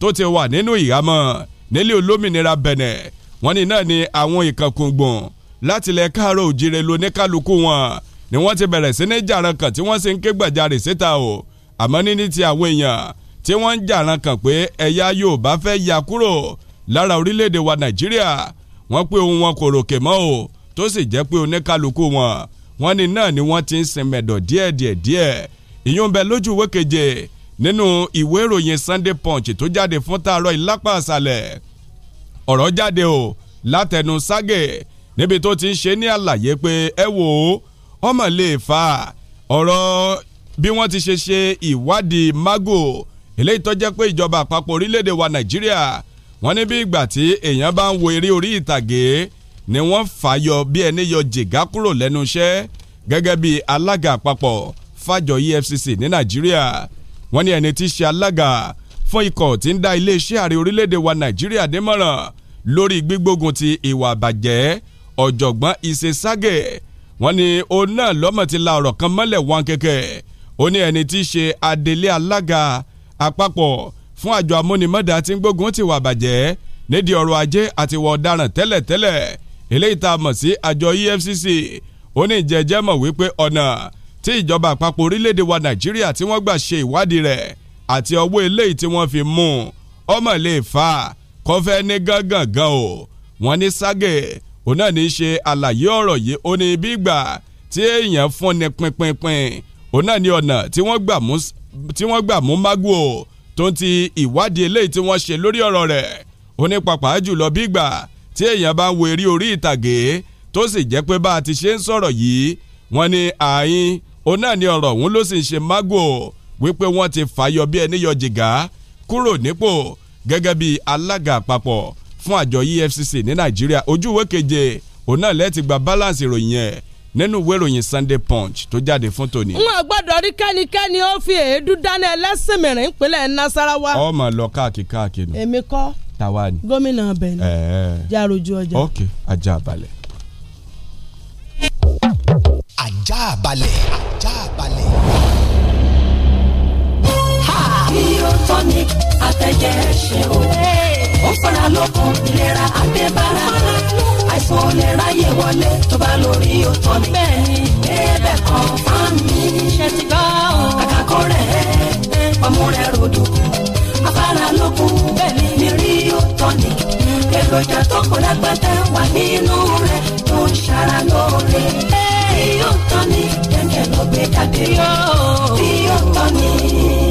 tó ti wà nínú ìhámọ́ nílé olómìnira Benin wọ́n ní náà ni àwọn ìkànkùngbọ̀n láti ilẹ̀ káàárọ̀ òjìrè lóníkálukú wọn ni wọ́n ti bẹ̀rẹ̀ sí ní jàran kan tí wọ́n sì ń ké gbàjarè síta o àmọ́ níní ti àwọn èèyàn tí wọ́n ń jàran kan pé ẹ̀yà Yorùbá fẹ́ yà kúrò lára orílẹ̀-èdè wa Nàìjíríà wọ́n pé ohun wọn kò ròkè mọ́ o tó sì jẹ́ pé oníkálukú wọn wọ́n ní náà ni wọ́n ti ń sin mẹ̀dọ̀ díẹ̀díẹ̀ díẹ̀ ìyún bẹ lójú ìwé keje nínú ìwé ìròyìn Sunday Punch tó jáde fún tààrọ̀ ìlápá àṣálẹ́ ọ̀rọ̀ jáde o látẹnu ságè níbi tó ti ń ṣe ní àlàyé pé ẹ wò ó ọmọ lè fa ọ̀rọ̀ bí wọ́n ti ṣe ṣe ìwádìí mago eléyìí tó jẹ́ pé ìjọba àpapọ̀ orílẹ̀-èdè wa Nàìjíríà wọ́n ní bí ìgbà tí èèyàn bá ń wo eré orí ìtàgé ni wọ́n fàyọ bí ẹni yọ jìgá kúrò lẹ́nu iṣẹ́ gẹ́gẹ́ bí alága àpapọ̀ fàjọ EFCC ní Nàìjíríà wọ́n ní ẹni tí í ṣe alága fún ikọ̀ tí ń dá iléeṣẹ́ ààrẹ orílẹ̀-èdè wa Nàìjíríà démọ̀ràn lórí gbígbógun ti ìwà àbàjẹ́ ọ̀jọ̀gbọ́n Ise Sage wọ́n ní òun náà lọ́mọ̀ ti la ọ̀rọ̀ kan mọ́lẹ̀ wọn kẹ̀kẹ́ ó ní ẹni tí í ṣe adelé alága àpapọ̀ fún àjọ amúnimọ́dà tí ń gbógun ti wà bàjẹ́ nídìí ọrọ̀ ajé àti wọ ọ̀daràn tẹ́lẹ̀tẹ́lẹ̀ eléyìí tá a mọ̀ sí àjọ EFCC ó ní ìjẹ́jẹ́ mọ̀ wípé ọ̀nà tí ìjọba àpapọ̀ orílẹ̀-èdè wa Nàìjíríà tí wọ́n gbà ṣe ìwádìí rẹ̀ àti ọwọ́ eléyìí tí wọ́n fi mú ọmọ lè fà kọfẹ́ ní gángangan o wọ́n ní ságẹ̀ òun náà ní í ṣe àlàyé ọ̀rọ̀ yìí ó ní bí ìgbà tí èèyàn fún ni pinpinpin òun náà ní ọ̀nà tí wọ́n gbà mú mágù o tó ń ti ìwádìí eléyìí tí wọ́n ṣe lórí ọ̀rọ̀ rẹ̀ ó ní pàpà jùlọ bí ìgbà tí èèyàn bá ń wo eré orí ìtàgé tó sì jẹ́ pé bá a ti ṣe ń sọ̀rọ̀ yìí wọ́n ní ààyìn òun náà ni ọ̀rọ̀ òun ló sì ń ṣe mágò wípé wọ́n ti fàyọ bí ẹni yọ jìgá kúrò nípò gẹ́gẹ́ bí alága àpapọ̀ fún àjọ EFCC ní Nàìjíríà ojú keje òun náà lẹ́ẹ̀tì gba balance ìròyìn yẹn nínú ìwé ìròyìn Sunday Punch tó jáde fún tòní. n ò gbọ́dọ̀ rí kẹ́nikẹ́ni ó fi èédú dáná ẹlẹ́sìn mìíràn ìpínlẹ̀ Nasarawa. ọmọ lọ káàkiri káàkiri. èmi kọ́ táwa ni. gómìnà Benin ọjà. ok ajá balẹ̀. ajá balẹ̀ ajá balẹ̀ biotonic àtẹ̀jẹ̀ ṣe o. ó fara lókun ìlera àtẹ̀bára àìsàn ò lè ráyè wọlé tó bá lo biotonic. bẹ́ẹ̀ni ẹ̀bẹ̀ kan fáàmì ṣe ti gbọ́ o. kàkà kó rẹ̀ ọmú rẹ̀ rodo afara lókun bẹ́ẹ̀ni ni biotonic. èròjà tó kọ lágbàtà wà nínú rẹ̀ tó ń ṣara lóore. biotonic jẹ́jẹ́ ló gbé jáde yọ biotonic.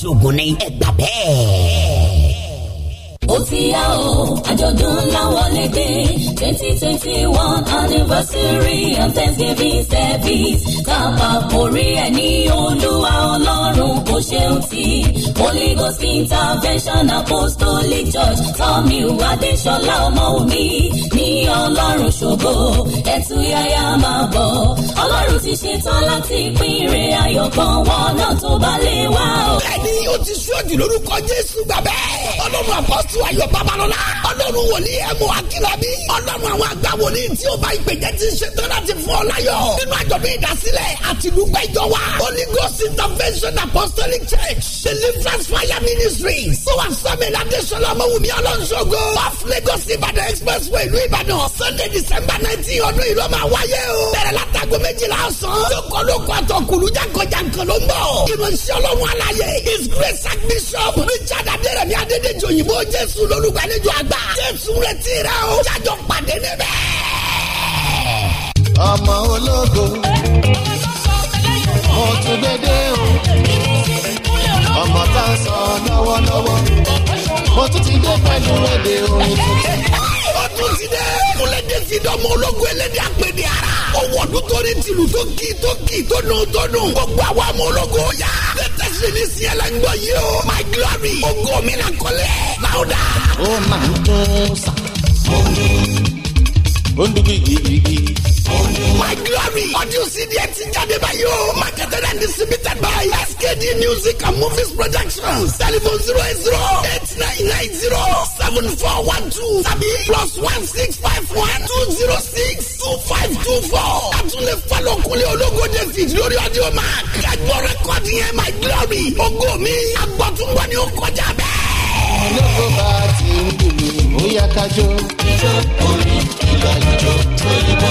ṣoògùn ni ẹ gbà bẹ́ẹ̀ ó ti yá o àjọ̀dún ńlá wọlé dé twenty twenty one anniversary and thanksgiving service tábà orí ẹ̀ ní olúwa ọlọ́run kò ṣeun ti holy ghost intervention apostolic church tọ́mi adéṣọlá ọmọ omi ní ọlọ́run ṣògo ẹ̀túyáyá máa bọ̀ ọlọ́run ti ṣetán láti pínre ayọ̀ kan wọ́n náà tó bá lè wá o. bẹ́ẹ̀ni o ti sọ jù lórúkọ jésù gbàgbẹ ọlọ́run àpọsù ayọ̀ babalọ́lá ọlọ́run wòlíì ẹ̀mú akínábí ọlọ́run àwọn àgbà wòlíì tí ó bá ìpèjẹ́ ti ṣe tán láti fún ọ láyọ̀ nínú àjọ̀dún ìdásílẹ̀ àti ìdúgbẹ́jọ wa holy ghost intervention apostolic church deliverance fire ministry sowa samuel adesola ọmọwùmí ọlọ́nṣogo off lagos ìbàdàn expressway ìlú ìbàdàn sunday december nineteen ọdún ìlú ọmọ àwáyé o bẹ̀rẹ̀ látago méjìlá ọ̀sán lókòlókò àtọkùlù ló ń bọ̀ jésù lólùgbàlejò àgbà jésù retí rẹ o jájọ pàdé níbẹ̀. ọmọ ológo mo tún dédé o ọmọ tá a sọ lọ́wọ́lọ́wọ́ mo tún ti dé pẹ̀lú èdè orin tuntun tún ti ológun ẹlẹ́dẹ̀ àpèdè ara. Ó wọ̀dún torí tìlù tó kì tó kì tó nù tó nù. Gbogbo àwọn ọmọ ológun yá. Tẹ̀tẹ̀ sí ní sí ẹlẹ́gbọ̀n yìí o. Má glory ògo mi là kọ́lé láwùdá. ó máa ń tún sa, ó ń dúró gígígí. My glory ọdún CD ẹ ti jáde báyìí Marketed and distributed by SKD Music and Movies Productions. Telephone zero eight zero eight nine nine zero seven four one two tàbí plus one six five one two zero six two five two four. àtúnlẹ̀ falọ̀kùnlé ológójì street lórí ọdún ọmọ kẹgbọ́ rẹ́kọ́dì yẹn my glory ògo mi agbọ́túngbọ́ ni ó kọjá bẹ́ẹ̀. olóko bá ti ń dùn mí ó yá ìjọ orin ìlàjọ òyìnbó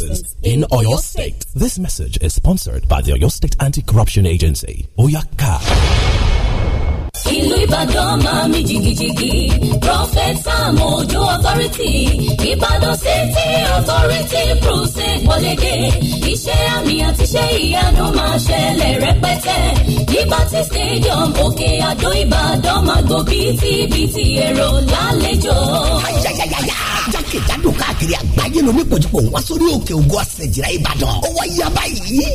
businesses in Oyo State. This message is sponsored by the Oyo State Anti-Corruption Agency, Oyaka. ìlú ìbàdàn máa mi jìgìjìgì prophet sam ojo authority ìbàdàn city authority crusade wọlédè iṣẹ́ àmì àti iṣẹ́ ìyanu máa ṣẹlẹ̀ rẹpẹtẹ ní baptist stadium òkè àdó ìbàdàn máa gbò bítíbitì èrò lálejò jákèjádò káàkiri àgbáyé lóní kojú kò wá sórí òkè ògo àṣejìrà ìbàdàn ó wá yá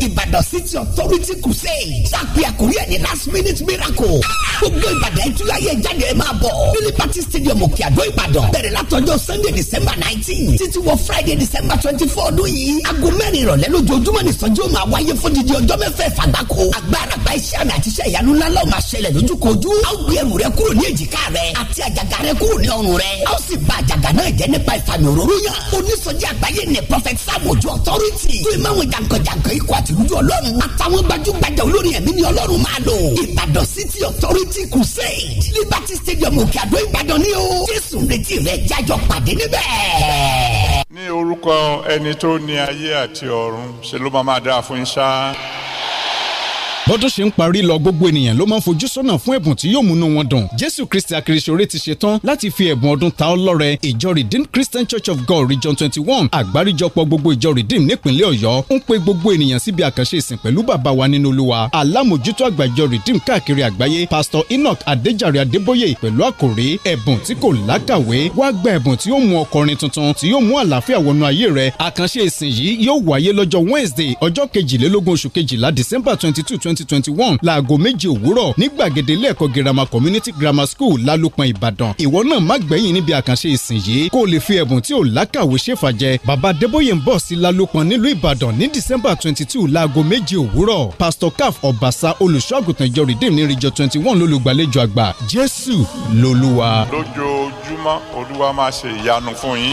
ìbàdàn city authority crusade sáàpì àkórí ẹ̀ last minute miracle gbogbo ìbàdàn ìtúláyé jáde ẹ máa bọ̀ nílé party stadium òkè àdó ìbàdàn bẹ̀rẹ̀ látọjọ́ sunday december nineteen títí wọ friday december twenty four ọdún yìí aago mẹ́rin ìrọ̀lẹ́ lójoojúmọ́ nìsọjí ó máa wáyé fún dídí ọjọ́ mẹ́fẹ̀ẹ̀fà gbáko agbára àgbà iṣẹ́ àmì àti iṣẹ́ ìyanu ńlá lọ́ọ́ máa ṣẹlẹ̀ lójúkojú á gbé ẹrù rẹ kúrò ní èjìká rẹ àti àjàgà fàmì òróró yàn onísọjí àgbáyé ní prophet Samu, ojú authority tó ìmọ̀ àwọn jàǹkànjàǹkàn ikọ̀ àti ìrújú ọlọ́run àtàwọn gbajúgbajà olórin ẹ̀mí ni ọlọ́run máa lò ìbàdàn city authority crusade liberty stadium òkè àdó ìbàdàn ni ó jésù retí rẹ̀ jájọ pàdé níbẹ̀. ní orúkọ ẹni tó ní ayé àti ọ̀run ṣe ló máa máa dáa fún ṣáá bọ́dún ṣe ń parí lọ gbogbo ènìyàn ló máa ń fojú sọ́nà fún ẹ̀bùn tí yóò múnú wọn dùn jésù kristi akérésìore ti ṣetán láti fi ẹ̀bùn ọdún ta ọ́ lọ́rẹ ìjọ redeemed christian church of god region twenty one àgbáríjọpọ̀ gbogbo ìjọ redeemed nípínlẹ̀ ọ̀yọ́ ń pe gbogbo ènìyàn síbi àkànṣe ìsìn pẹ̀lú bàbá wa nínú olúwa alámòjútó àgbà ìjọ redeemed káàkiri àgbáyé pastor enoch adéjàre adébóyè pẹ̀lú àkòrí ẹ̀bùn tí kò lákàwé wá gba ẹ̀bùn tí yóò mú ọkọrin tuntun tí yóò mú àlàáfíà wọnú ayé rẹ àkànṣe ìsìn yìí yóò wáyé lọ́jọ́ wednesday ọjọ́ kejìlélógún oṣù kejìlá december twenty two twenty twenty twenty one láago méje òwúrọ̀ ní gbàgede ilé-ẹ̀kọ́ girama community grammar school lálùpàn ìbàdàn ìwọ náà má gbẹ̀yìn níbi àkànṣe ìsìn yìí kó o lè fi ẹ̀bùn tí ò lákàwé ṣèfàjẹ bàbá adébóyè ń bọ̀ sí lálùpàn nílùú ìbàdàn ní december 22 two láago méje òwúrọ̀ pastor caf ọ̀bàṣà olùṣọ́àgùtàn ìjọ rìdíìm ní region twenty one lólùgbàlejò àgbà jésù lolúwa. lójoojúmọ́ olúwa máa ṣe ìyanu fún yín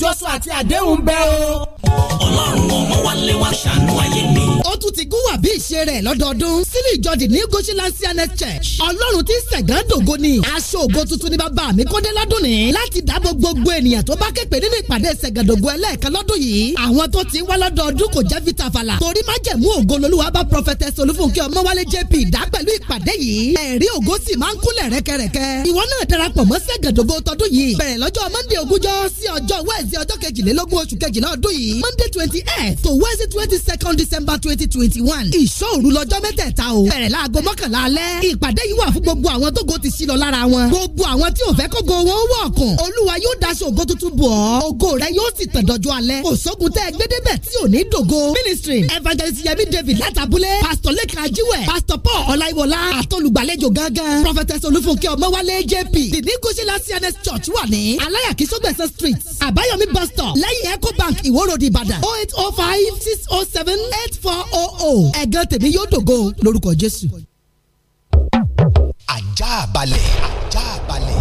àjọsọ àti àdéhùn bẹ́ o. ọlọ́run ọmọ wa lé wa ṣàánú ayé mi. ó tún ti gún wàbí ìṣe rẹ̀ lọ́dọọdún sílẹ̀ ìjọdì ní goshenland cns church ọlọ́run ti sẹ̀gán dògo ni aṣọ ògo tuntun ni bàbá mi kọ́dé lọ́dún ni láti dáàbò gbogbo ènìyàn tó bá képe nínú ìpàdé sẹ̀gán dògo ẹlẹ́ẹ̀kan lọ́dún yìí àwọn tó ti ń wá lọ́dọọdún kò jẹ́ fi tàfàlà torí má jẹ̀mú ògo lolúwa bá prọfẹtẹ jp dá pẹ̀lú ìpàdé yìí ẹ̀rí ògo sì máa ń kúnlẹ̀ rẹ́kẹrẹ́kẹ́ ìwọ náà darapọ̀ mọ́ sẹ̀gán dògo tọdún láti ọjọ́ kejìlélógún oṣù kejìlá ọdún yìí monday twenty eight to wednesday twenty second december twenty twenty one ìṣọ́ òru lọ́jọ́ mẹ́tẹ̀ẹ̀ta o bẹ̀rẹ̀ láago mọ́kànlá alẹ́ ìpàdé yìí wà fún gbogbo àwọn tógo ti sí lọ lára wọn gbogbo àwọn tí ò fẹ́ go wọn wọ̀ ọ̀kàn olúwa yóò daṣọ ògo tuntun bọ̀ ọ́ ògo rẹ yóò sì tàn dọ́jọ́ alẹ́ òṣogun tẹ́ gbẹ́dẹ́bẹ̀ tí ò ní dògo ministry evangelist yemi david látàbúlé pastor lẹ́kan ajíwẹ̀ pastor paul ọláyíwọlá àtọ́lùgbàlejò gángan prophetess olúfúnkẹ́ ọmọwálé jp the new kúṣílá cns church wà ní aláyàkísọ́gbẹ̀sán street àbáyọ̀m islamic bus stop lẹ́yìn ecobank ìwóròdì ìbàdàn oh eight oh five six oh seven eight four oh oh ẹ̀gàn tèmi yóò dògo lórúkọ jésù. ajá balẹ̀ ajá balẹ̀.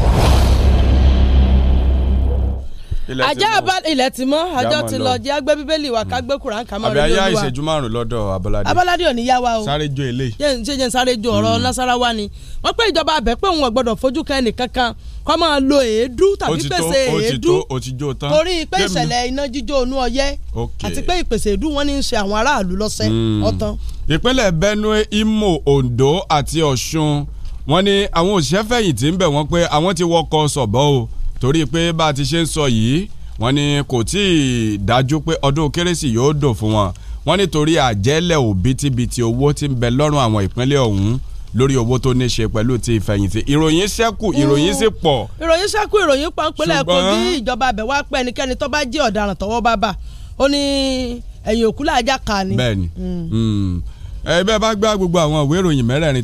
ajá ilẹ̀ ti mọ́ àjọ ti lọ jẹ́ agbẹ́ bíbélì wa ká hmm. gbé kuran kà mọ́ lórí wa. àbí ayá ìṣẹ́jú márùn lọ́dọ̀ Abọ́ládé. Abọ́ládé ò ní yá wa o. sáré jo èlé. ṣé jẹ́ sáré jo ọ̀rọ̀ Nasarawa hmm. ni wọ́n pé ìjọba abẹ́ pé òun ò gbọ́dọ̀ fojú kan ẹnìkankan kọ́ máa lo èédú tàbí pèsè èédú torí pé ìṣẹ̀lẹ̀ iná jíjó inú ọyẹ́ àti pé ìpèsè èédú wọn ní í ṣe hmm. Imo Ondo àti Ọ̀ṣun wọ́n ní àwọn òṣìṣẹ́ fẹ̀yìntì pé àwọn torí pé bá a ti ṣe ń sọ yìí wọ́n ní kò tí ì dájú pé ọdún kérésì yóò dùn fún wọn wọ́n nítorí àjẹ́lẹ̀ òbítíbitì owó tí ń bẹ lọ́rùn àwọn ìpínlẹ̀ ọ̀hún lórí owó tó ní ṣe pẹ̀lú ti ìfẹ̀yìntì ìròyìn ṣẹ́kù ìròyìn sì pọ̀. ìròyìn ṣẹ́kù ìròyìn pọ̀ pínlẹ̀ Kogi ìjọba abẹ wá pé ẹnikẹ́ni tó bá jẹ́ ọ̀daràn tọwọ́ bá bà ó ní ẹ̀yìn òkú làájá kà ni. bẹ́ẹ̀ni mm. mm. ẹ bẹ́ẹ̀ bá gbá gbogbo àwọn ìwé ìròyìn mẹ́rẹ̀ẹ̀rin